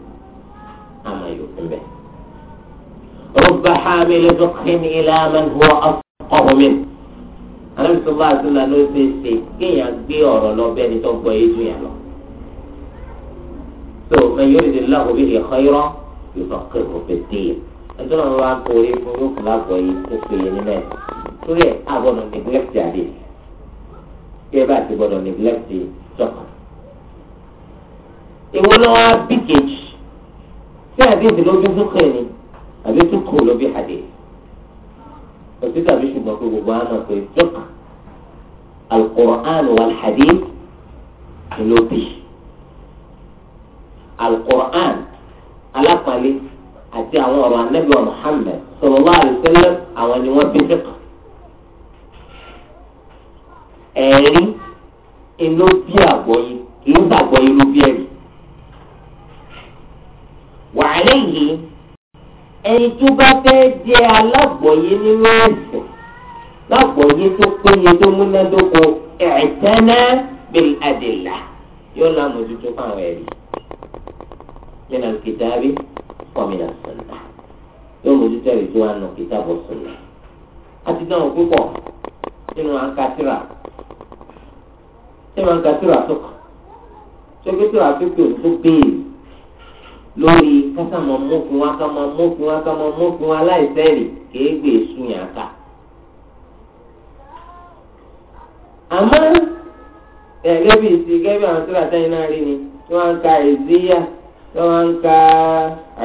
ayò òfin bẹ́ẹ̀. رب حامل فقه إلى من هو أفقه منه Ànábì sọlá àtúnlá ló ṣe ṣe kéèyàn gbé ọ̀rọ̀ lọ bẹ́ẹ̀ ni tó gbọ́ yé jù yàn lọ. so man yuridiLlahu bihi khayran يفقهه في الدين أنتم ما قولي فنوك لا قولي تسوي لنا سوري أبونا نجلكت عليه كيف أتبونا نجلكت سقط ìwọ ló wá bí kejì tí àdéhùn ló fi tún kàn ní àbí tún kù ló bí àdé òsì tàbí ṣùgbọ́n pé gbogbo àná pé dọ́kà al-Qur'an wal hadith ló bí al-Qur'an alápàlẹ àti àwọn ọ̀rọ̀ anabi wa muhammed sallallahu alaihi wasallam àwọn ni wọ́n bí fíkà. ẹ̀rí inú bí àgbọ̀yé kì í sàgbọ̀yé inú bí ẹ̀rí. wàhálà yìí ẹni tó bá fẹ́ jẹ́ alágbọ̀yé nínú ẹ̀sìn lágbọ̀yé tó péye tó múnádóko ẹ̀ẹ́tẹ́ná bil adillah yóò lọ fáwọn ẹ̀rí. من الكتاب ومن السنة yóò mójú tẹ́lẹ̀ tí wọ́n á nà kìtàbù sùnà. a ti dáhùn púpọ̀ nínú àǹkàtìrà nínú àǹkàtìrà tó kàn sókítìrà tó pè tó béèrè lórí kásámọ̀ mọ́fún wa kámọ̀ mọ́fún wa kámọ̀ mọ́fún wa láìsẹ́rì kéégbè sunyà ká. àmọ́ ẹ̀ gẹ́bí ìsì gẹ́bí àwọn tíra táyìn náà rí ni wọ́n á ka ìzíyà. E tí wọ́n ń ka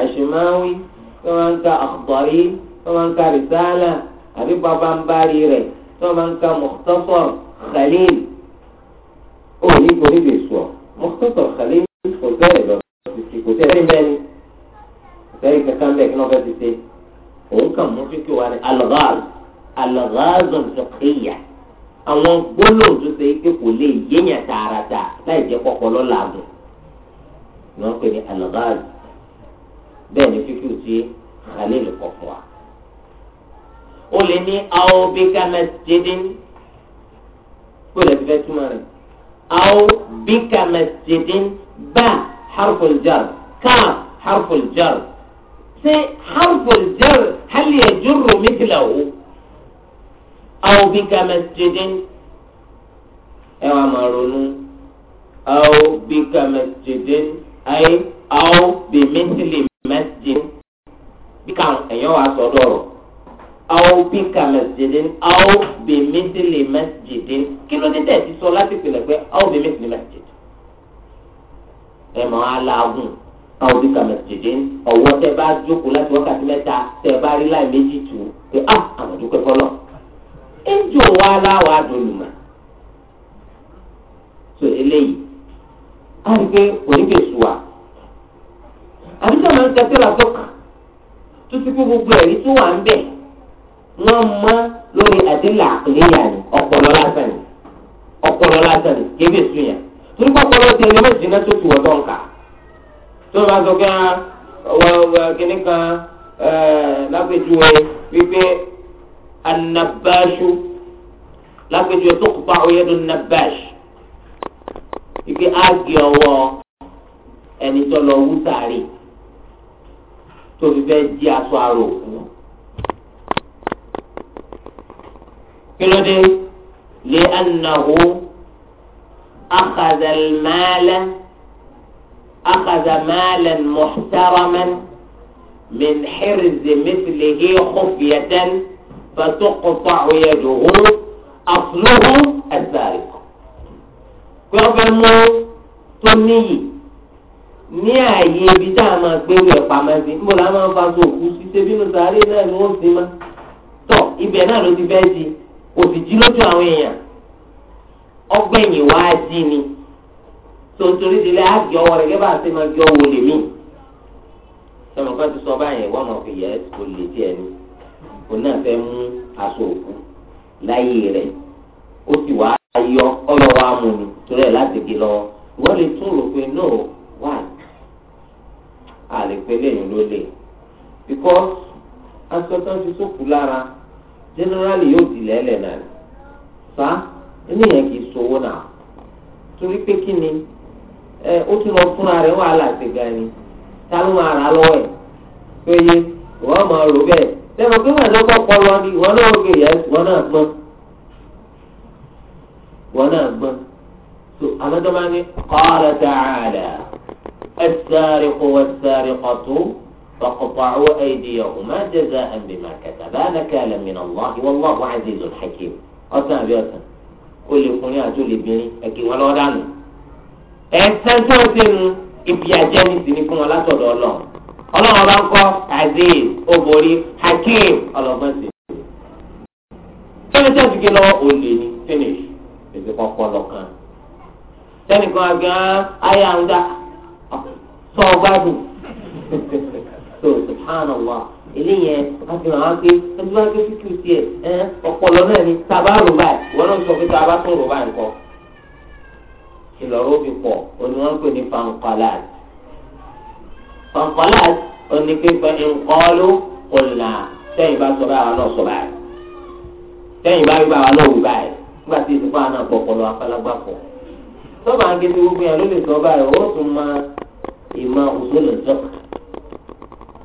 àṣemáwí tí wọ́n ń ka àkùbọ̀rí tí wọ́n ń ka rìsáàlà àbí babambari rẹ̀ tí wọ́n ń ka mọ̀tọ́fọ̀ khalil ó ní kò ní bèsù ọ̀ mọ̀tọ́fọ̀ khalil kò tẹ́lẹ̀ lọ títí kò tẹ́lẹ̀ bẹ́ẹ̀ ni sẹ́yìn kankan bẹ́ẹ̀ kí wọ́n fẹ́ ti ṣe òun kàn mú fíkì wa ní alghaz alghazun fiqhiyya àwọn gbólóhùn tó ṣe é pé kò lè yéèyàn tààràtà láì jẹ́ kọ́kọ́ lọ́làgùn ni wọ́n pè ní alagaz bẹ́ẹ̀ ni fífi ti khalil kọ̀ fún wa. ó lè ní awo bí kàmẹ́ jẹ́dín kó lè fẹ́ túmọ̀ rẹ̀ awo bí kàmẹ́ jẹ́dín bá harful jar káf harful jar ṣé harful jar hali yẹ júrò mithlahu awo bí kàmẹ́ jẹ́dín ẹ wàá máa ronú awo bí kàmẹ́ jẹ́dín ayé àwọn bèmẹ́tìlì mẹ́tìlì bí ká ẹ̀yàn wà sọ dọ̀rọ̀ àwọn bí ká mẹ́tìlì àwọn bèmẹ́tìlì mẹ́tìlì kí ló dé tẹ̀sí sọ láti pèlè pé àwọn bèmẹ́tìlì mẹ́tìlì ẹ̀ mọ́ aláàgùn àwọn bí ká mẹ́tìlì ọ̀wọ́ tẹ bá jókòó láti wákàtí mẹ́ta tẹ bá rí láì méjì tù ú pé ah àwọn dúpẹ́ fọlọ́ ẹ̀ ń jò wá láwàá dolùmọ̀ so eléyìí á rí pé oníkèsùwà àbísọ̀ máa ń ka tírà tọ́ka tó ti kú gbogbo ẹ̀rí tó wà ń bẹ̀ wọ́n mọ́ lórí àdínlà àkìlẹ́yà ni ọpọlọ lásán ni ọpọlọ lásán ni kébè sùn yẹn torí pọpọlọ ti ẹni méjì náà tó ti wọ́n ń kà tó bá sọ pé kíní kan lápẹjúwe wípé anabashu lápẹjúwe tó kópa oyédu nabash wípé á gé ọwọ́ ẹni tó lọ wú sáré. tó fi fẹ́ di aṣọ àrò òkú. kí ló dé lé anahu akazalmaala akazamaala muhtaraman min xirzi mitlihi kufyatan fatuqtacu yaduhu afluhu asaariq. kí wọ́n fẹ́ mú tó níyì. ní ààyè ibi tá a máa gbé wẹ̀ pamọ́ sí níbo la máa ń fa so òkú sí bínú sàárè ma tọ ibẹ̀ náà ló ti fẹ́ di kò sì jí lójú àwọn èèyàn ọgbẹ̀yìn wá jí ni tontori ti lẹ́ àgbẹ̀ ọwọ́ rẹ̀ gẹ́gẹ́ bá a ṣe máa gbé ọwọ́ lèmi sọ̀rọ̀ kan ti sọ báyẹn wọ́n mọ̀ fi yẹ kò lè tiẹ̀ ni kò náà fẹ́ mú aṣọ mi gbogbo eléyìí ló lè because aṣọ tó ń fi sókù generally yóò di lẹ́lẹ̀ náà fa eléyìí kì í sowó náà torí pé kí ni ẹ ó tún lọ fúnra rẹ̀ wàhálà ti ga ni ta ló máa rà á lọ́wọ́ ẹ̀ pé yé wọ́n máa rò bẹ́ẹ̀ pé wọ́n pọ̀ lọ wọ́n náà السارق والسارقة فاقطعوا أيديهما جزاء بما كسبا نكالا من الله والله عزيز حكيم أسان بأسان كل فني أتولي بني أكي ولو دانو ẹ̀sán tí ó ti nu ibi àjẹni sì ni fún wọn látọ̀dọ̀ ọlọ́run ọlọ́run bá ń kọ́ azeez obori hakeem ọlọ́gbọ́n sí i. sọ́ni tí a ti gé lọ́wọ́ olè ní finish èsì kọ́kọ́ lọ́kàn. sẹ́nìkan àgbà ayé àwọn dá tọ́ ọ gbádùn so subhanallah eléyẹn àti màmá pé ẹbí wá gbé fífi tiẹ̀ ẹ ọpọlọ náà ni tàbá rò báyìí wọn náà sọ pé tàbá tó rò báyìí kọ ìlọrọ fi pọ òní wọn pè ní fanqalat fanqalat òní pípẹ nǹkọọlù kùnà sẹ́yìn bá sọ báyìí àwọn náà sọ báyìí sẹ́yìn bá wíwá àwọn náà wí báyìí nígbà tí ìsìnkú àwọn náà pọ ọpọlọ afalágbá pọ tọ́ba ń gé gbogbo yẹn ló lè sọ báyìí ó tún máa. ìmọ̀ òṣèlú ìjọba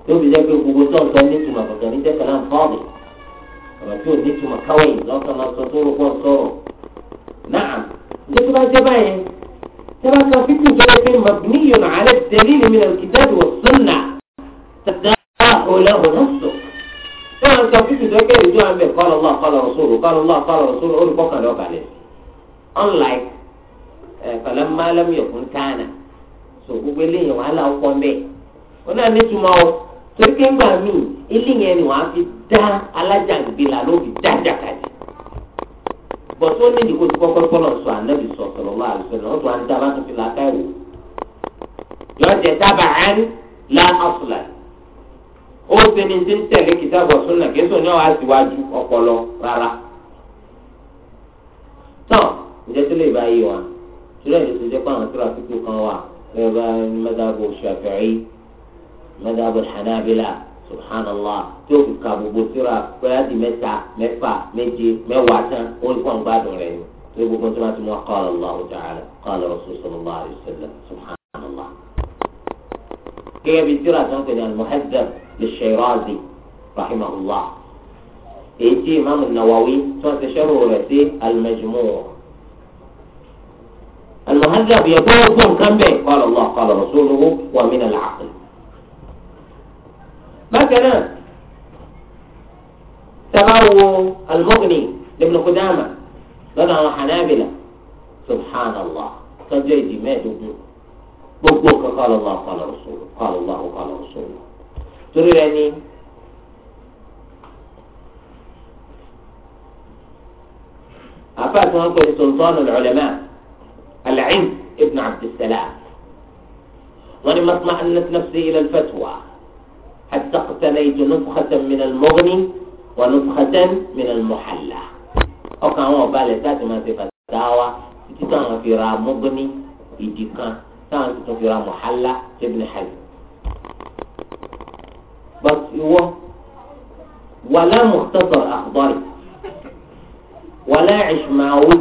yóò fi jẹ́ pé gbogbo sọ̀tọ̀ nítumọ̀ kọ̀tọ̀ ní jẹ́ kàlá fọ́ọ̀dì ọ̀rọ̀ tí ò nítumọ̀ káwọ̀yìn lọ́sàn lọ́sọ tó rò pọ̀ sọ̀rọ̀ náà ní tó bá jẹ́ báyẹn tí wọ́n sọ fífi ìjọba pé mabniyo nàálẹ́ tẹ̀lé ni mi kìtàbí wọ̀ sunna tàdá òlẹ́hùn náà sọ tí wọ́n sọ fífi ìjọba pé ìjọba ń bẹ̀ kọ́lọ̀ lọ́ kọ́lọ̀ rọ̀sọ̀rọ̀ kọ́lọ̀ lọ́ kọ́lọ̀ rọ̀sọ̀rọ̀ olùkọ́kànlọ́ balẹ̀ unlike فلما لم يكن كان so gbogbo eléyìí wàhálà ọkọ mbẹ wọn náà ọ torí pé ńgbà míì eléyìí ẹni wàá fi dá alájàgbé là ló fi bọ̀tú ó ní ìdíkò tí kọ́kọ́ kọ́ sọ ànábì sọ sọ̀rọ̀ wá àlùfẹ́lẹ̀ ọ̀tún à dábàá tó fi ẹ̀wò ó ṣe ní ti ń tẹ̀lé ní síwájú ọpọlọ rárá tán ìjẹ́sílẹ̀ ìbáyé wa ìdíje pé àwọn kan wà مذهب الشافعي مذهب الحنابلة سبحان الله توفي كابو بوسيرا فلادي متى مفا مجي مواتا ويكون بعد غيره ويقول كنتم ما قال الله تعالى قال رسول صلى الله عليه وسلم سبحان الله هي بسيرة تنقل يعني المهذب للشيرازي رحمه الله إيتي إمام النووي تنقل شهر المجموع العجب يكون كم به قال الله قال رسوله ومن العقل مثلا تبرو المغني لابن قدامة بدر حنابلة سبحان الله فجيت ما بقبوك قال الله قال رسوله قال الله قال رسوله ترى يعني أفاد هذا السلطان العلماء عند ابن عبد السلام ولم اطمأنت نفسي إلى الفتوى حتى اقتنيت نسخة من المغني ونسخة من المحلى وكان هو بالي ما في فتاوى كان في را مغني يجي كان كان في را محلى ابن حزم بس هو ولا مختصر أخضر ولا عشماوي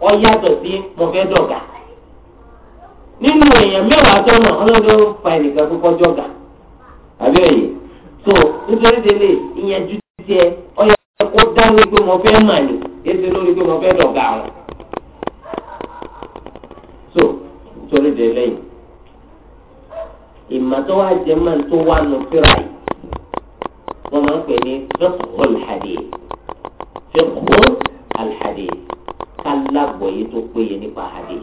ọ yàtọ̀ sí mo fẹ́ dọ̀gà nínú èèyàn mẹ́wàá tọ́nà ọlọ́dún fa ẹnìkan kó kọjọ́ gà àbí òye so nítorí délé ìyẹnjú tiẹ̀ ọ yẹ kó dá lórí pé mo fẹ́ mà ní èsì lórí pé mo dọ̀gà wọn so nítorí délé yìí ìmọ̀tọ́ wa jẹ́ máa ń tó wà nù síra yìí wọ́n máa ń pè ní fiqhul hadith fiqhul hadith kálágbọ̀yé tó péye nípa àdé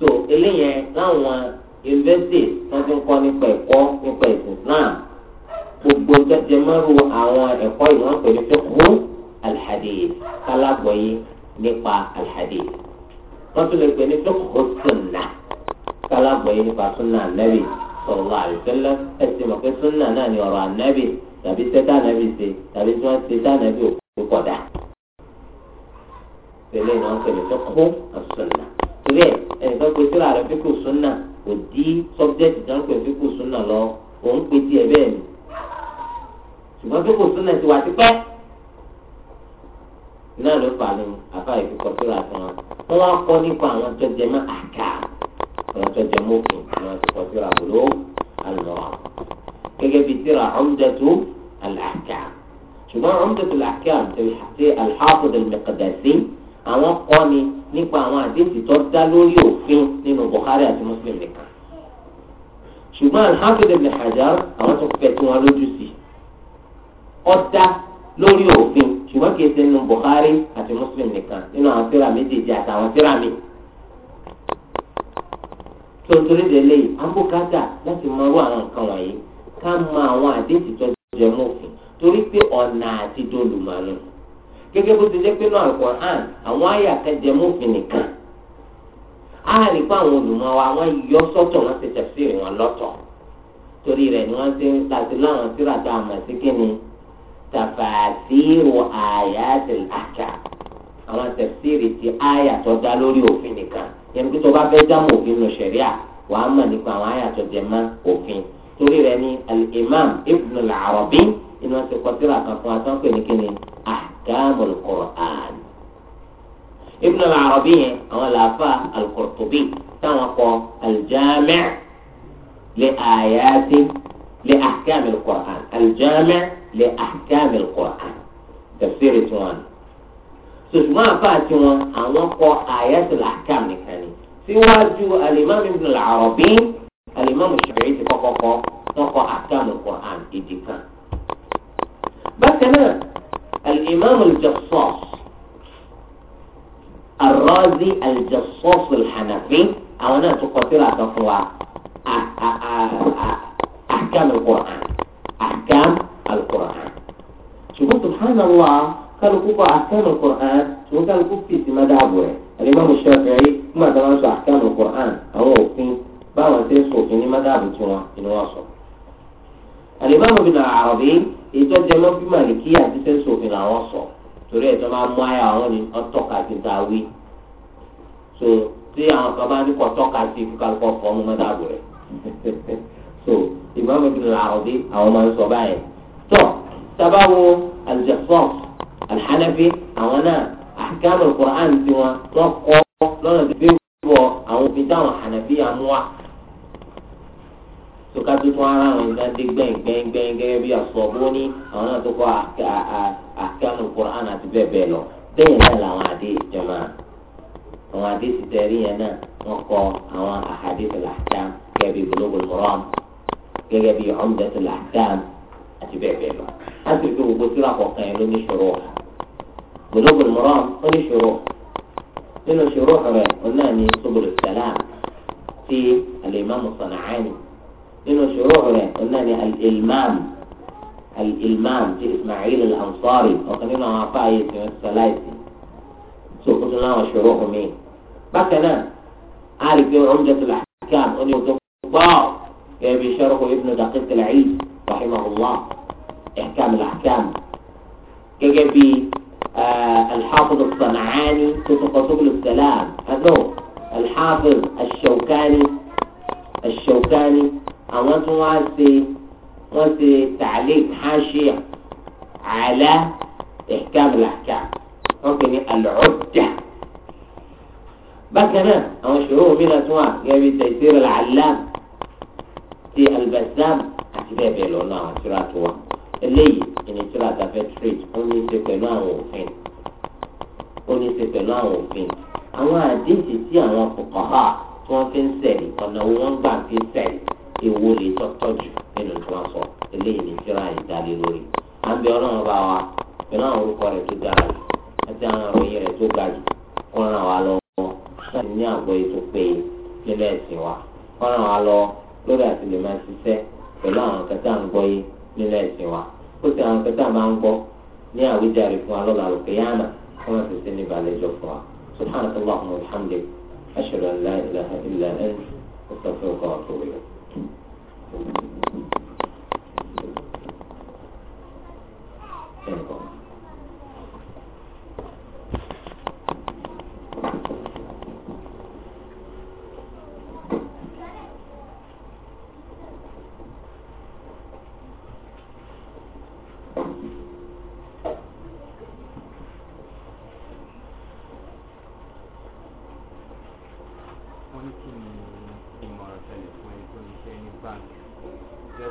so eléyẹn láwọn university wọn ti ń kọ́ nípa ẹ̀kọ́ nípa ẹ̀sìn Islam gbogbo jẹjẹmọ́rù àwọn ẹ̀kọ́ ìwọ̀n pẹ̀lú fẹ́kù alhadith kálágbọ̀yé nípa alhadith wọ́n tún lè pè ní fẹ́kù sunna kálágbọ̀yé nípa sunna anabi sallallahu alaihi wasallam ẹ̀sìn mọ̀ pé sunna náà ni ọ̀rọ̀ anabi tàbí sẹ́tà anabi ṣe tàbí sẹ́tà anabi òkú kọ̀dà pẹ̀lú ìnáwó pẹ̀lú fiqhu as-sunnah torí ẹ̀ ẹnìkan pé síra rẹ̀ fiqhu sunnah kò dí sọ́bjẹ́tì tí wọ́n pè fiqhu sunnah lọ òun pè tiẹ̀ bẹ́ẹ̀ ni ṣùgbọ́n fiqhu sunnah ti wà tipẹ́ iná ló fà ní afa ìfikọ́ síra kan wọ́n wá kọ́ nípa àwọn tó jẹ mọ́ àká àwọn tó jẹ òkun àwọn ìfikọ́ síra kò ló àlọ́ gẹ́gẹ́ bí síra Umdatu al-Ahkam ṣùgbọ́n Umdatu al-Ahkam àwọn kọ́ ni nípa àwọn àdéhùn tó dá lórí òfin nínú àti Muslim nìkan ṣùgbọ́n al ibn Hajar àwọn tó fẹ́ tí wọ́n lójú sí ọ̀dá lórí òfin ṣùgbọ́n ṣe nínú àti Muslim nìkan nínú àwọn tírà méjèèjì àtàwọn tírà mi. tontorí délé yìí láti mọ àwọn nǹkan wọ̀nyí ká mọ àwọn àdéhùn tó jẹ mọ́ òfin torí gẹ́gẹ́ bó ti jẹ́ pé náà Al-Qur'an àwọn àyà kẹjẹ mọ́fin nìkan á rí pé àwọn olùmọ̀ wa wọ́n yọ sọ́tọ̀ wọ́n ti tafsiri wọn lọ́tọ̀ torí rẹ̀ ni wọ́n ti ń láti láwọn tírà tó àmọ̀ sí kíni tafasiru ayatil ahkam àwọn tafsiri ti àyà tó dá lórí òfin nìkan yẹn kí tó bá fẹ́ dámọ̀ òfin nù ṣẹ̀ríà wàá mọ̀ nípa àwọn àyà tó jẹ mọ́ òfin torí rẹ̀ ni imam Ibn al-Arabi inú ọ̀sẹ̀ kọtíra kan fún wa tó pè ní kíni ah ahkamu al-Qur'an Ibn al-Arabi yẹn àwọn làáfà al-Qurtubi táwọn kọ al-Jami' li ayati li ahkami al-Qur'an al-Jami' li ahkami al-Qur'an tafsiri tiwọn sùsùmọ́ àfa tiwọn àwọn kọ ayatul ahkam nìkan ni síwájú al-Imam Ibn al-Arabi al-Imam Shafi'i ti kọ́kọ́ kọ́ tọkọ ahkam al-Qur'an ìdìkan bákan náà. الإمام الجصاص الرازي الجصاص الحنفي أو أنا تقتل أتفوى أحكام القرآن أحكام القرآن شوفوا سبحان الله قالوا كوكو أحكام القرآن شوفوا قالوا كوكو في مدابوه الإمام الشافعي ما تنسوا أحكام القرآن أو في باوة تيسو في مدابوه تنوا تنوا alimami bin arabi ètò jẹmọ́ bí màlìkí àti sẹsọ òfin làwọn sọ torí ẹ tó máa mú ayé àwọn ni ọtọka ti ta so tí àwọn kan bá ní kọ tọ́ka sí kíkálukọ fọ ọmọ mọdàbọ rẹ so ìmọ̀mọ́ bin arabi àwọn máa ń sọ báyìí tọ́ sábàwo aljassas alhanafi àwọn náà ahkam alquran tiwọn wọn kọ́ lọ́nà tí bí wọ́n àwọn òfin táwọn hanafi àmúwa tó ká tó tó ara àwọn ìgbà dé gbẹ̀ngbẹ̀ngbẹ̀ng gẹ́gẹ́ bí àsọ̀bọ́ní àwọn náà tó kọ́ àkànú Qur'an àti bẹ́ẹ̀ bẹ́ẹ̀ lọ bẹ́ẹ̀ náà làwọn àdé ìjọba àwọn àdé ti tẹ̀rí yẹn náà wọ́n kọ àwọn àhàdé tìlàtà gẹ́gẹ́ bí Bulughul Maram gẹ́gẹ́ bí Umdatul Ahkam àti bẹ́ẹ̀ bẹ́ẹ̀ lọ. a sì fi gbogbo síra kọ̀ọ̀kan yẹn ló ní ṣòro Bulughul ó ní ṣòro nínú ṣòro rẹ̀ ó náà ní إنه شروع قلنا الإلمام الإلمام في إسماعيل الأنصاري وقلنا فايت يسمى الثلاثة سوقت الله مين بكنا عارف يوم عمدة الأحكام أني وضباء كيف شرحه ابن دقيق العيد رحمه الله إحكام الأحكام كيف آه الحافظ الصنعاني كتب كتب السلام هذو الحافظ الشوكاني الشوكاني àwọn tún wá ṣe wọ́n ṣe tàlík haṣíà àlá ìkàbìlàkà wọ́n pè ní àlọ́ọ̀dà. bákan náà àwọn ṣòro òmìnira tún wà gẹ́gẹ́ bí tẹ̀síìrì làlám ti albasam àti bẹ́ẹ̀ bẹ́ẹ̀ lọ́nà àwọn tíra tó wà eléyìí ẹni tíra tàfẹ́ street ó ní í ṣe pẹ̀lú àwọn òfin ó ní í ṣe pẹ̀lú àwọn òfin àwọn àdéhìí tí àwọn kòkòrò tí wọ́n fi ń sẹ̀lì ọ̀nà wọn gbà fi sẹ̀lì. èwo lè tọ́tọ́ ju nínú tí wọ́n sọ eléyìí ní tíra ìdálé lórí à ń bẹ ọlọ́run bá wa pẹ̀lú àwọn orúkọ rẹ̀ tó dára jù àti àwọn ìròyìn rẹ̀ tó ga jù kó ràn wá láti ní tó ẹ̀sìn wa kó ràn wá lọ lórí àti lè máa ṣiṣẹ́ pẹ̀lú àwọn kẹta ń gbọ́ ẹ̀sìn wa ó sì àwọn kẹta máa Thank you.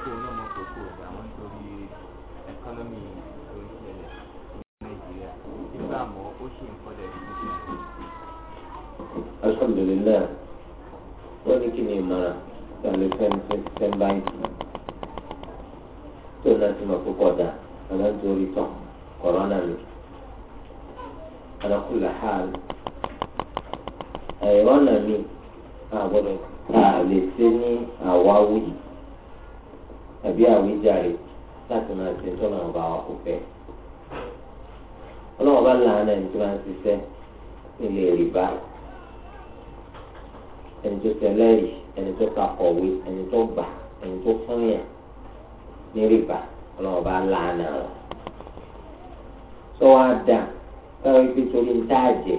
kó náà mọ kókó rẹ̀ àmọ́ nítorí ẹkọ́nọ́mì tó ń ṣẹlẹ̀ ní nàìjíríà nígbà mọ́ ó ṣì ń kọ́ dẹ̀ ní ìṣẹ̀lẹ̀. alhamdulilayi ní kí ni ìmọ̀ràn pẹ̀lú fẹ́ńbáǹkì tó náà ti mọ̀ kókó ọ̀dà àmọ́ nítorí tán kọ̀rọ́nà lò alákùlà hàl ẹ̀rọ náà ni àgbọ̀dọ̀ tá a lè ṣe ní àwáwí àbí àwíjàre láti máa ṣe tọ́lọ̀ ọba kò fẹ́. ọlọ́wọ́ bá làánà ẹni tó bá ń ṣiṣẹ́ nílé rìbá ẹni tó tẹlẹ́rì ẹni tó ka kọ̀wé ẹni tó gbà ẹni tó fúnyà ní rìbá ọlọ́wọ́ bá làánà rẹ̀. sọ wá dà káwé pé torí ń tá àjẹ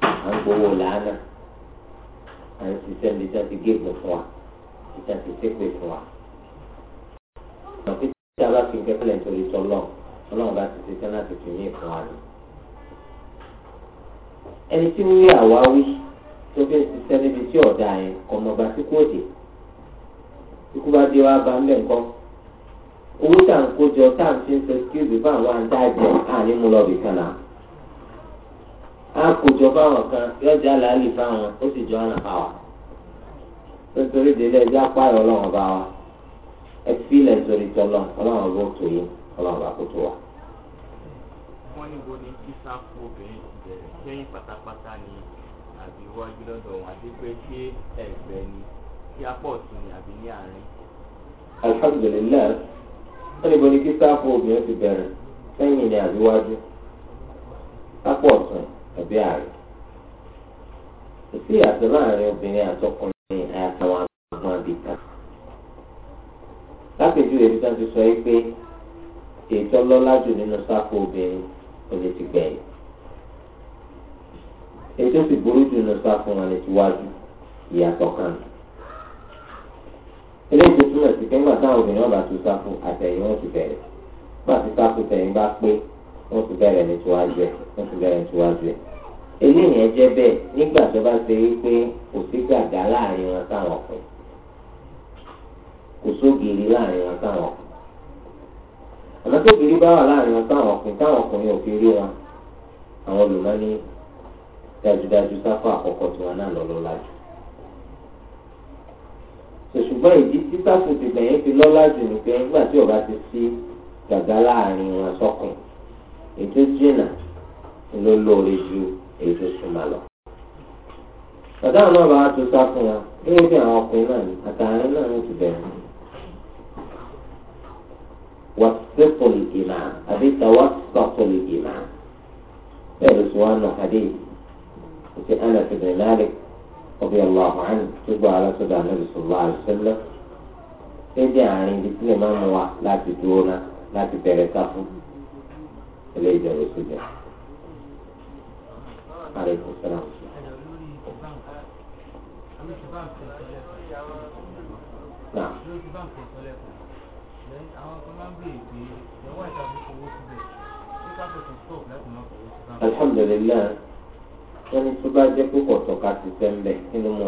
à ń gbowó làánà à ń ṣiṣẹ́ níta ti gégùn fún wa níta ti ṣépè fún wa. ọ̀nà tí tí a bá fi nǹkan sílẹ̀ nítorí tọ́lọ̀ ọlọ́run bá ti ṣetán láti fi ní ìfún wa ni. ẹni tí wíwí àwáwí tó fẹ́ ṣiṣẹ́ níbi tí ọ̀dà yẹn kọ̀ mọ̀gbà sí kóòdì ikú bá dé wá bá ń bẹ̀ ńkọ́ owó tá ń kójọ tá à ń fi ń skills àǹtájẹ àní mú lọ fáwọn kan fáwọn ó sì jọ ọ̀nà nítorí délé ẹ fílẹ̀ nítorí tọ́lọ́ ọlọ́run ọba ò tó yé ọlọ́run ọba kò tó wà. wọ́n ní wo ni kísà fún obìnrin pátápátá ni àbí iwájú lọ́dọ̀ wọn àti pé ṣé ẹ̀gbẹ́ ni kí apá ọ̀tún ni àbí ní àárín. alhamdulilayi wọ́n ní wo ni kísà fún obìnrin ti ni àbí iwájú apá àárín. kò sí obìnrin àtọkùnrin lápèjúwe tí wọ́n ti sọ yìí pé ètò lọ́lájú nínú sáfù obìnrin kò lè ti gbẹ̀yìn ètò sì burú jù nínú sáfù wọn lè ti wájú ìyàtọ̀ kan eléyìí tó túmọ̀ sí pé ńgbà táwọn obìnrin wọn bá tún sáfù àtẹ̀yìn wọn ti bẹ̀rẹ̀ ńgbà tí sáfù tẹ̀yìn bá pé wọ́n ti bẹ̀rẹ̀ ní tiwájú ẹ̀ wọ́n ti bẹ̀rẹ̀ ní tiwájú ẹ̀ eléyìí yẹn jẹ́ bẹ́ẹ̀ nígbà tó bá ṣe wípé kò sí gàgà láàrin wọn táwọn ọkùnrin kò sógiri láàrin wọn táwọn ọkùnrin àmọ́ sógiri bá wà láàrin wọn táwọn ọkùnrin táwọn ọkùnrin ò fi rí wa àwọn dájúdájú àkọ́kọ́ náà lọ lọ́la jù ṣùgbọ́n ìdí tí sáfù ti bẹ̀yẹn jù ní nígbà tí ti sí gàgá láàrin sọ́kùn ètò jìnnà ló ètò súnmọ́ lọ bàtà náà وسطوا الإمام أبي توسطوا الإمام قالوا إيه حديث في أنس بن مالك رضي الله عنه تبع على سيدنا النبي صلى الله عليه وسلم ẹjẹ àárín ibi tí lè لا mú لا láti dúró náà láti bẹ̀rẹ̀ السلام نعم lẹ́yìn àwọn kan máa ń béèrè pé ìyàwó àìsàn fi fowó síbẹ̀ ṣé káfíńtì stop láti máa fowó síbẹ̀. alhamdulillah ẹni tó bá jẹ́ pé kọ̀tọ̀ ti fẹ́ ń bẹ̀ kí ló mú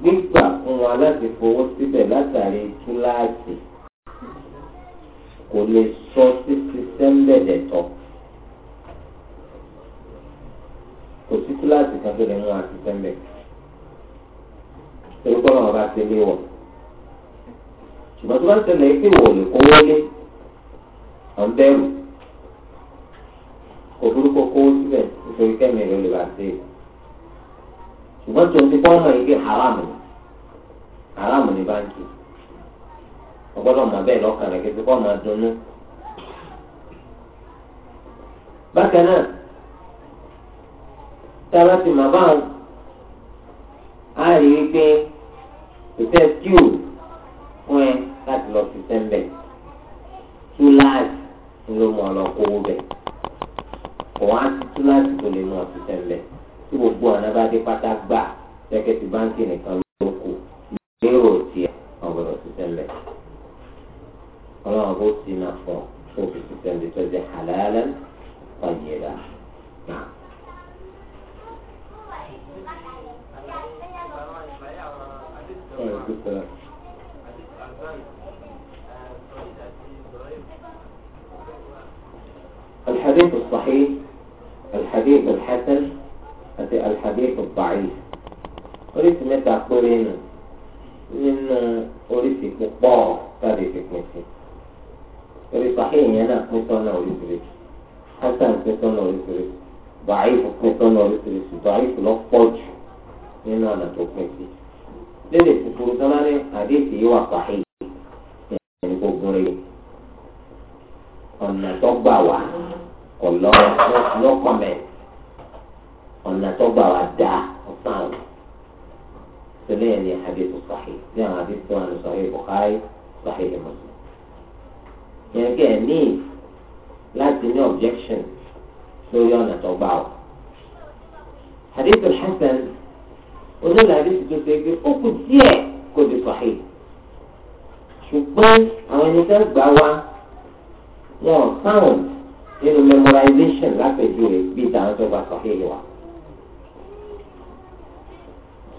gbígbà fún wa fowó síbẹ̀ látàrí kíláàsì kò lè sọ títí sẹ́ńbẹ̀dẹ̀ tọ̀. kò sí kíláàsì kan tó lè mú àti sẹ́ńbẹ̀dẹ̀. torí kọ́ lọ́wọ́ bá ti lé wọ̀ ṣùgbọ́n tó bá tẹ̀lé pé wò lè kówó lé ọ̀n bẹ́ẹ̀rù kò burúkú kówó síbẹ̀ nítorí lè bá ṣe é ṣùgbọ́n tó ń ti yìí báńkì ọgbọ́dọ̀ mọ̀ bẹ́ẹ̀ lọ́kàn rẹ̀ bákan náà a bá ti kò tẹ́ tíò fún ẹ láti lọ sí sẹ́ńbẹ̀ túláàsì ló mọ̀ lọ kówó bẹ̀ kò wá sí túláàsì tó lè mọ̀ sí sẹ́ńbẹ̀ tí gbogbo ọ̀nà bá dé pátá gbà gẹ́gẹ́ ti báńkì nìkan ló kù lérò tiẹ̀ ọ̀gbọ̀dọ̀ sí sẹ́ńbẹ̀ ọlọ́run bó ti máa fọ̀ fún òfin sí sẹ́ńbẹ̀ tó jẹ́ àlàyé ọ̀yẹ̀dà náà. الحديث الصحيح الحديث الحسن الحديث الضعيف قريت متى قرينا من قريت مقبار قريت مكي قريت صحيح يا ناس مثلنا قريت حسن مثلنا قريت ضعيف مثلنا قريت ضعيف لا فوج هنا أنا توقف lédè kúkúrú sọ́nà ní àdéhìí yìí wà pàṣẹ ẹni kó gún rèé ọ̀nà tó gbà wá kò lọ́wọ́ no comment ọ̀nà tó gbà wá dá ọ̀sán àwọn sọlẹ́ yẹn ní àdéhìí sahih ní àwọn àdéhìí tó wà ní sahih Bukhari sahih Muslim yẹn kẹ́ ẹ̀ ní láti ní objection lórí ọ̀nà tó gbà wá. hadith al onílàdí ti tó ṣe pé ó kù díẹ̀ kò lè fàáyé ṣùgbọ́n àwọn ẹni fẹ́ gbà wá wọn ò nínú memorization lápẹ̀jùwe bíi tàwọn tó gba fàáyé wa.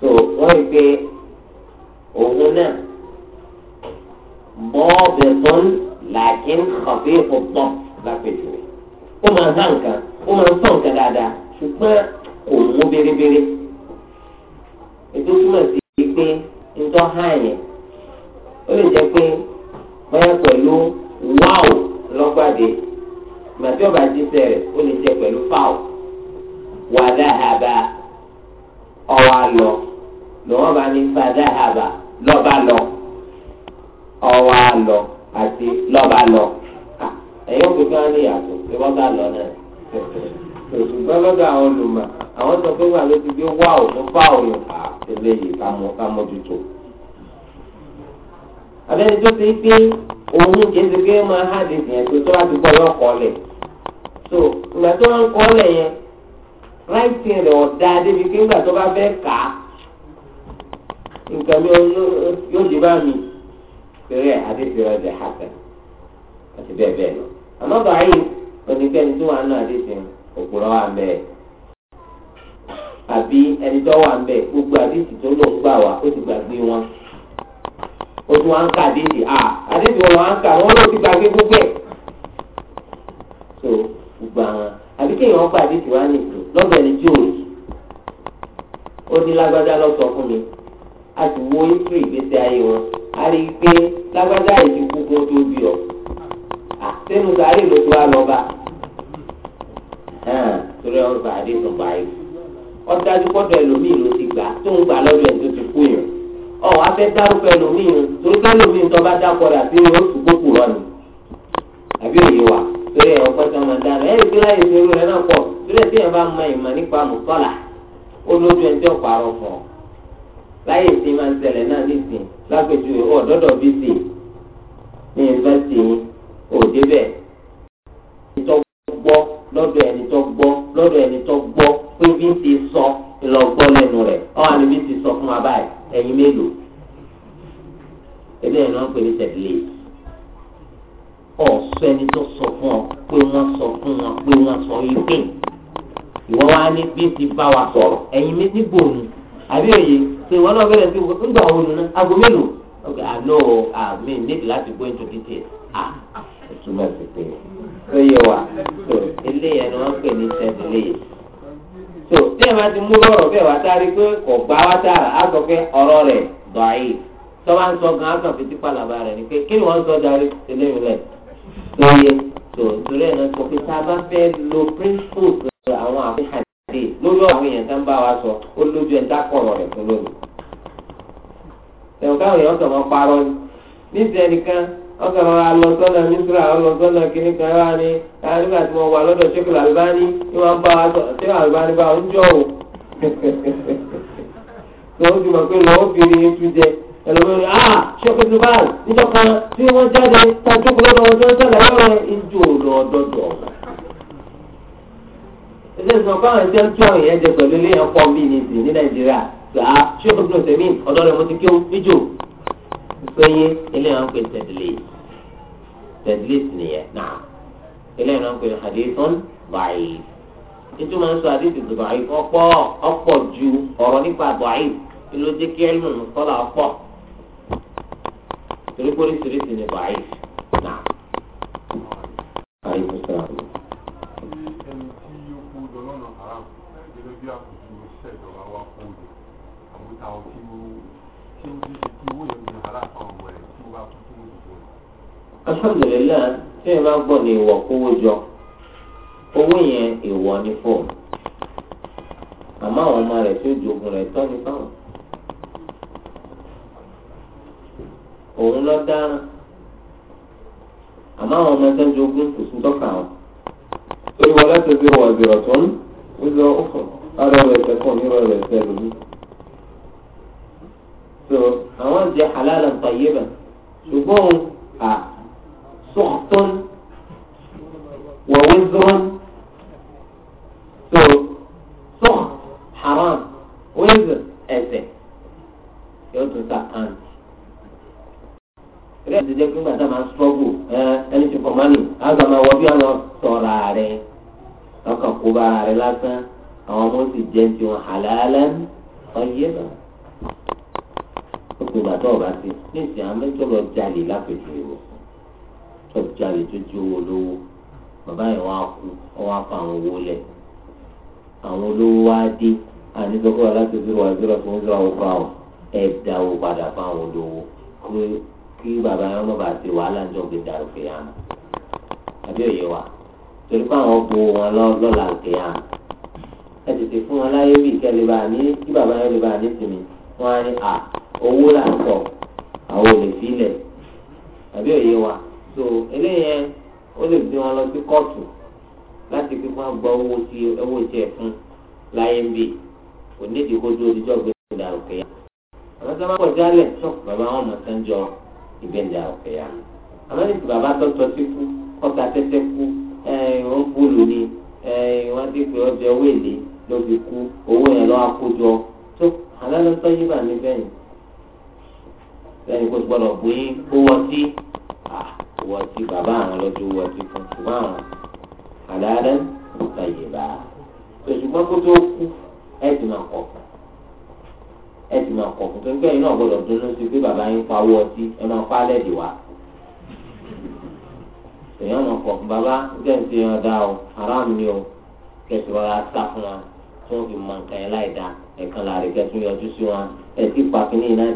so wọ́n rí pé òun náà bọ́ọ̀bẹ̀ tó ń làákín kọ̀fẹ́ ìfọ̀tọ̀ lápẹ̀jùwe ó máa ń hàn kan ó máa ń tọ̀ nǹkan dáadáa ṣùgbọ́n kò mú bérebére. ètò túmọ̀ sí pé ntọ́ hàn yẹn ó lè jẹ́ pé bóyá pẹ̀lú lọ́gbàdé màtí ọba jíṣẹ́ rẹ̀ ó lè jẹ́ pẹ̀lú fáò wàdáhàbà ọ̀wà lọ lọ́wọ́ bá ní fàdáhàbà lọ́ba lọ ọ̀wà lọ àti lọ́ba lọ ẹ̀yọ́ ní ìyàtọ̀ ṣùgbọ́n lọ́dọ̀ àwọn olùmọ̀ àwọn sọ pé wà ló ti gbé wá ò fún fáwọn yẹn fà á tẹ̀lé ká mójútó. abẹ́ni tó ti pé máa há tó tó yọ kọ́lẹ̀ so ìgbà tó wá ń kọ́lẹ̀ yẹn ráìtì rẹ̀ ọ̀dà débi pé ìgbà tó bá fẹ́ kà á nǹkan yóò dé bá mi pẹ̀lú àdéhùn rẹ̀ dẹ̀ àti bẹ́ẹ̀ bẹ́ẹ̀ lọ àmọ́ tó wà àdéhùn òpùrọ́ wà ń bẹ àbí ẹni tó wà ń bẹ gbogbo àdìsí tó lò ń gbà wá ó ti gbàgbé wọn ó tún wá ń ka àdìsí à àdìsí wọn wá ń ka wọn ló ti gbàgbé gbogbo ẹ̀ so gbogbo àwọn àbí kéèyàn pa àdìsí wá ní ìlú lọ́bẹ̀ ni tí ò rí ó ní lágbájá lọ sọ fún mi a sì wo history ìgbésí ayé wọn a rí i pé lágbájá yìí ti kú kó tó bí ọ àtẹnusáré ló tó wá lọ bá torí ọrụ bá adé sọ báyìí ọtí adúgbọ́dọ̀ ẹlòmíì ló ti gbà tó ń gbà lọ́dọ̀ ẹ̀ tó ti kú yẹn ọ̀ afẹ́ dárúkọ ẹlòmíì yẹn torí ká ẹlòmíì àti yóò àbí wa torí ẹ̀ tó máa dára náà torí tí yẹn bá mọ nípa ó lójú tí láyé ìsìn máa ń náà nísìn bí ní yunifásitì yìí lọ́dọ̀ ẹni tó gbọ́ lọ́dọ̀ ẹni tó gbọ́ pé bí ti sọ ìlọgbọ́ lẹ́nu rẹ̀ ọ́ àni bí ti sọ fún wa báyìí ẹ̀yin mélòó ẹbí ẹ̀ náà pè ní tẹ̀lé ọ̀sọ́ ẹni tó sọ fún ọ pé wọ́n sọ fún wọn pé wọ́n sọ yìí pé ìwọ wa ní bí ti bá wa sọ̀rọ̀ ẹ̀yin mi níbo ni àbí òye ṣe ìwọ náà bẹ̀rẹ̀ sí ń gbà wọn nínú aago mélòó àlọ́ àmì nídìí láti gbọ́ ìjọ títí ẹ̀ à ìtumọ̀ sí pé tó yẹ wà tó eléyìí ẹni wọ́n pè ní sẹ́ńdílé yìí tó tí ẹ bá ti mú lọ́rọ̀ bẹ́ẹ̀ wá sáré pé kò gbá wá sára á sọ pé ọ̀rọ̀ rẹ̀ dọ̀ayé tó bá ń sọ gan á kàn fi tipa làbá rẹ̀ ni pé kí ni wọ́n sọ darí eléyìí rẹ̀ tó yẹ tó torí ẹ̀ náà sọ pé tá a bá fẹ́ lo principles àwọn àfihàn lórí àwọn èèyàn tó ń bá wa sọ ó lójú ẹ̀ dákọ̀rọ̀ rẹ̀ fún lónìí. ẹ̀wọ̀n káwọn èèyàn sọ̀rọ̀ parọ́ ní ti ẹnìkan ọkọ̀ rọra lọ sọ́nà nísìrà ọlọ sọ́nà kìíní kan wá ní nígbà tí wọ́n wà lọ́dọ̀ ṣẹ́kùlù àlùbáni ni wọ́n bá wa ṣé àlùbáni bá ń jọ o lọ́wọ́ ti mọ̀ pé lọ́wọ́ fi ni ètú jẹ ẹlòmíràn ah ṣẹ́kùlù bá níjọ́ kan tí wọ́n jáde tajú kúrò lọ́wọ́ tó ń sọ̀rọ̀ lọ́wọ́ ìjò lọ́dọ̀dọ̀ ẹsẹ̀ sọ fún àwọn ẹ̀jẹ̀ tó àwọn èèyàn jẹ pẹ̀lú ilé ẹ̀kọ́ bíi nìsín ní Nàìjíríà ṣùgbọ́n ṣé ah, gbẹ́yé eléyà ń pè tẹ̀dílẹ̀t tẹ̀dílẹ̀t nìyẹn náà eléyà ń pè hadithun da'if nítorí wọn sọ hadith da'if ọ̀pọ̀ ọ̀pọ̀ ju ọ̀rọ̀ nípa da'if ló jẹ́ kí ẹ̀lmù kọ́là ọ̀pọ̀ torí ni da'if náà. Thank you ṣé ó ṣe kí owó yẹn lè bára kan wẹ̀ tí ó bá kú fún òṣìṣẹ́ rẹ̀. alhamdulilayi tí ẹ bá gbọ́ ní ìwọ̀ kówó jọ owó yẹn ìwọ̀ ni fóònù àmọ́ àwọn ọmọ rẹ̀ tó jogun rẹ̀ tọ́ ní fáwọn. òun lọ dáná àmọ́ àwọn ọmọ ẹgbẹ́ jogún kò sí tọ́ka wọn. torí láti fi wọ ìbìrọ̀ tó ń wíwọ ọkọ̀ ara rẹ̀ tẹ̀kọ̀ nírọ̀ rẹ̀ tẹ̀ lómi so àwọn ń jẹ halala tayyiba ṣùgbọ́n à ah, sọ́ọ̀tún wọ̀wé zọ́ọ̀n so sọ́ọ̀ haram wíìzì ẹ̀sẹ̀ yóò tún ta kàn rẹ ti jẹ pé gbàtà máa sọ́gù ẹni tí fọmánì àgbà máa wọ bí wọn sọ̀rọ̀ rẹ ọkàn kó bá rẹ lásán àwọn ọmọ sì jẹ ti wọn halalan tayyiba àti ìgbà tó ọba sí ní ìsìn àwọn mẹ́jọ lọ jalè lápẹjù ìwọ tó jalè tó ju owó lówó bàbá yẹn wá kú ọwọ́ afọ àwọn owó lẹ̀ àwọn olówó wá dé àní sọ fún wa láti zero one zero fún zero one fáwọn ẹ dá owó padà fáwọn olówó kí kí bàbá yẹn má bàa ṣe wàhálà ń jọ gbé dàrú fẹ́ yàn àbí òye wa torí pé àwọn bo wọn lọ́la òkè hàn ẹ tètè fún wọn láyé bí ìkẹ́lẹ́ bá ní kí bàbá yẹn lè bá ní sinmi wọn á ní à owó là sọ àwọn ò lè tàbí òye wa so eléyẹn ó lè gbé wọn lọ sí kóòtù láti pé wọn gba owó tí owó tí ẹ fún láyé ń bì kò ní dúró di jọ́gbé ìdá òkè yá àwọn tó bá pọ̀ jálẹ̀ tó bàbá wọn mọ̀ sán jọ ìgbẹ́ǹdà òkè yá àwọn ènìyàn bàbá tó tọ́ sí kú ọ̀tà tẹ́tẹ́ kú wọ́n kú lónìí wọ́n ti pè ọjọ́ owó èlé ló fi kú owó yẹn lọ́wọ́ àkójọ tó àlọ́ lọ́tọ́ yí bà mí bẹ́yìn lẹ́yìn kó gbọ́dọ̀ pé ó wọtí wọtí bàbá àwọn lọ́jọ́ wọtí fún ṣùgbọ́n àwọn àdáadáa kò tàyè bá a. ṣùgbọ́n kó tó kú ẹ ti máa kọ̀ fún ẹ ti máa kọ̀ fún tó ń gbẹ́yìn náà gbọ́dọ̀ dúró sí pé bàbá yín pa wọtí ẹ máa pa lẹ́dì wá. èèyàn máa kọ̀ bàbá gẹ́gẹ́ bí dá o haram ni o kẹsì rọra sá fún wa tí wọ́n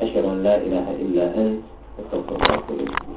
أشهد أن لا إله إلا أنت استغفرك وأتوب إليك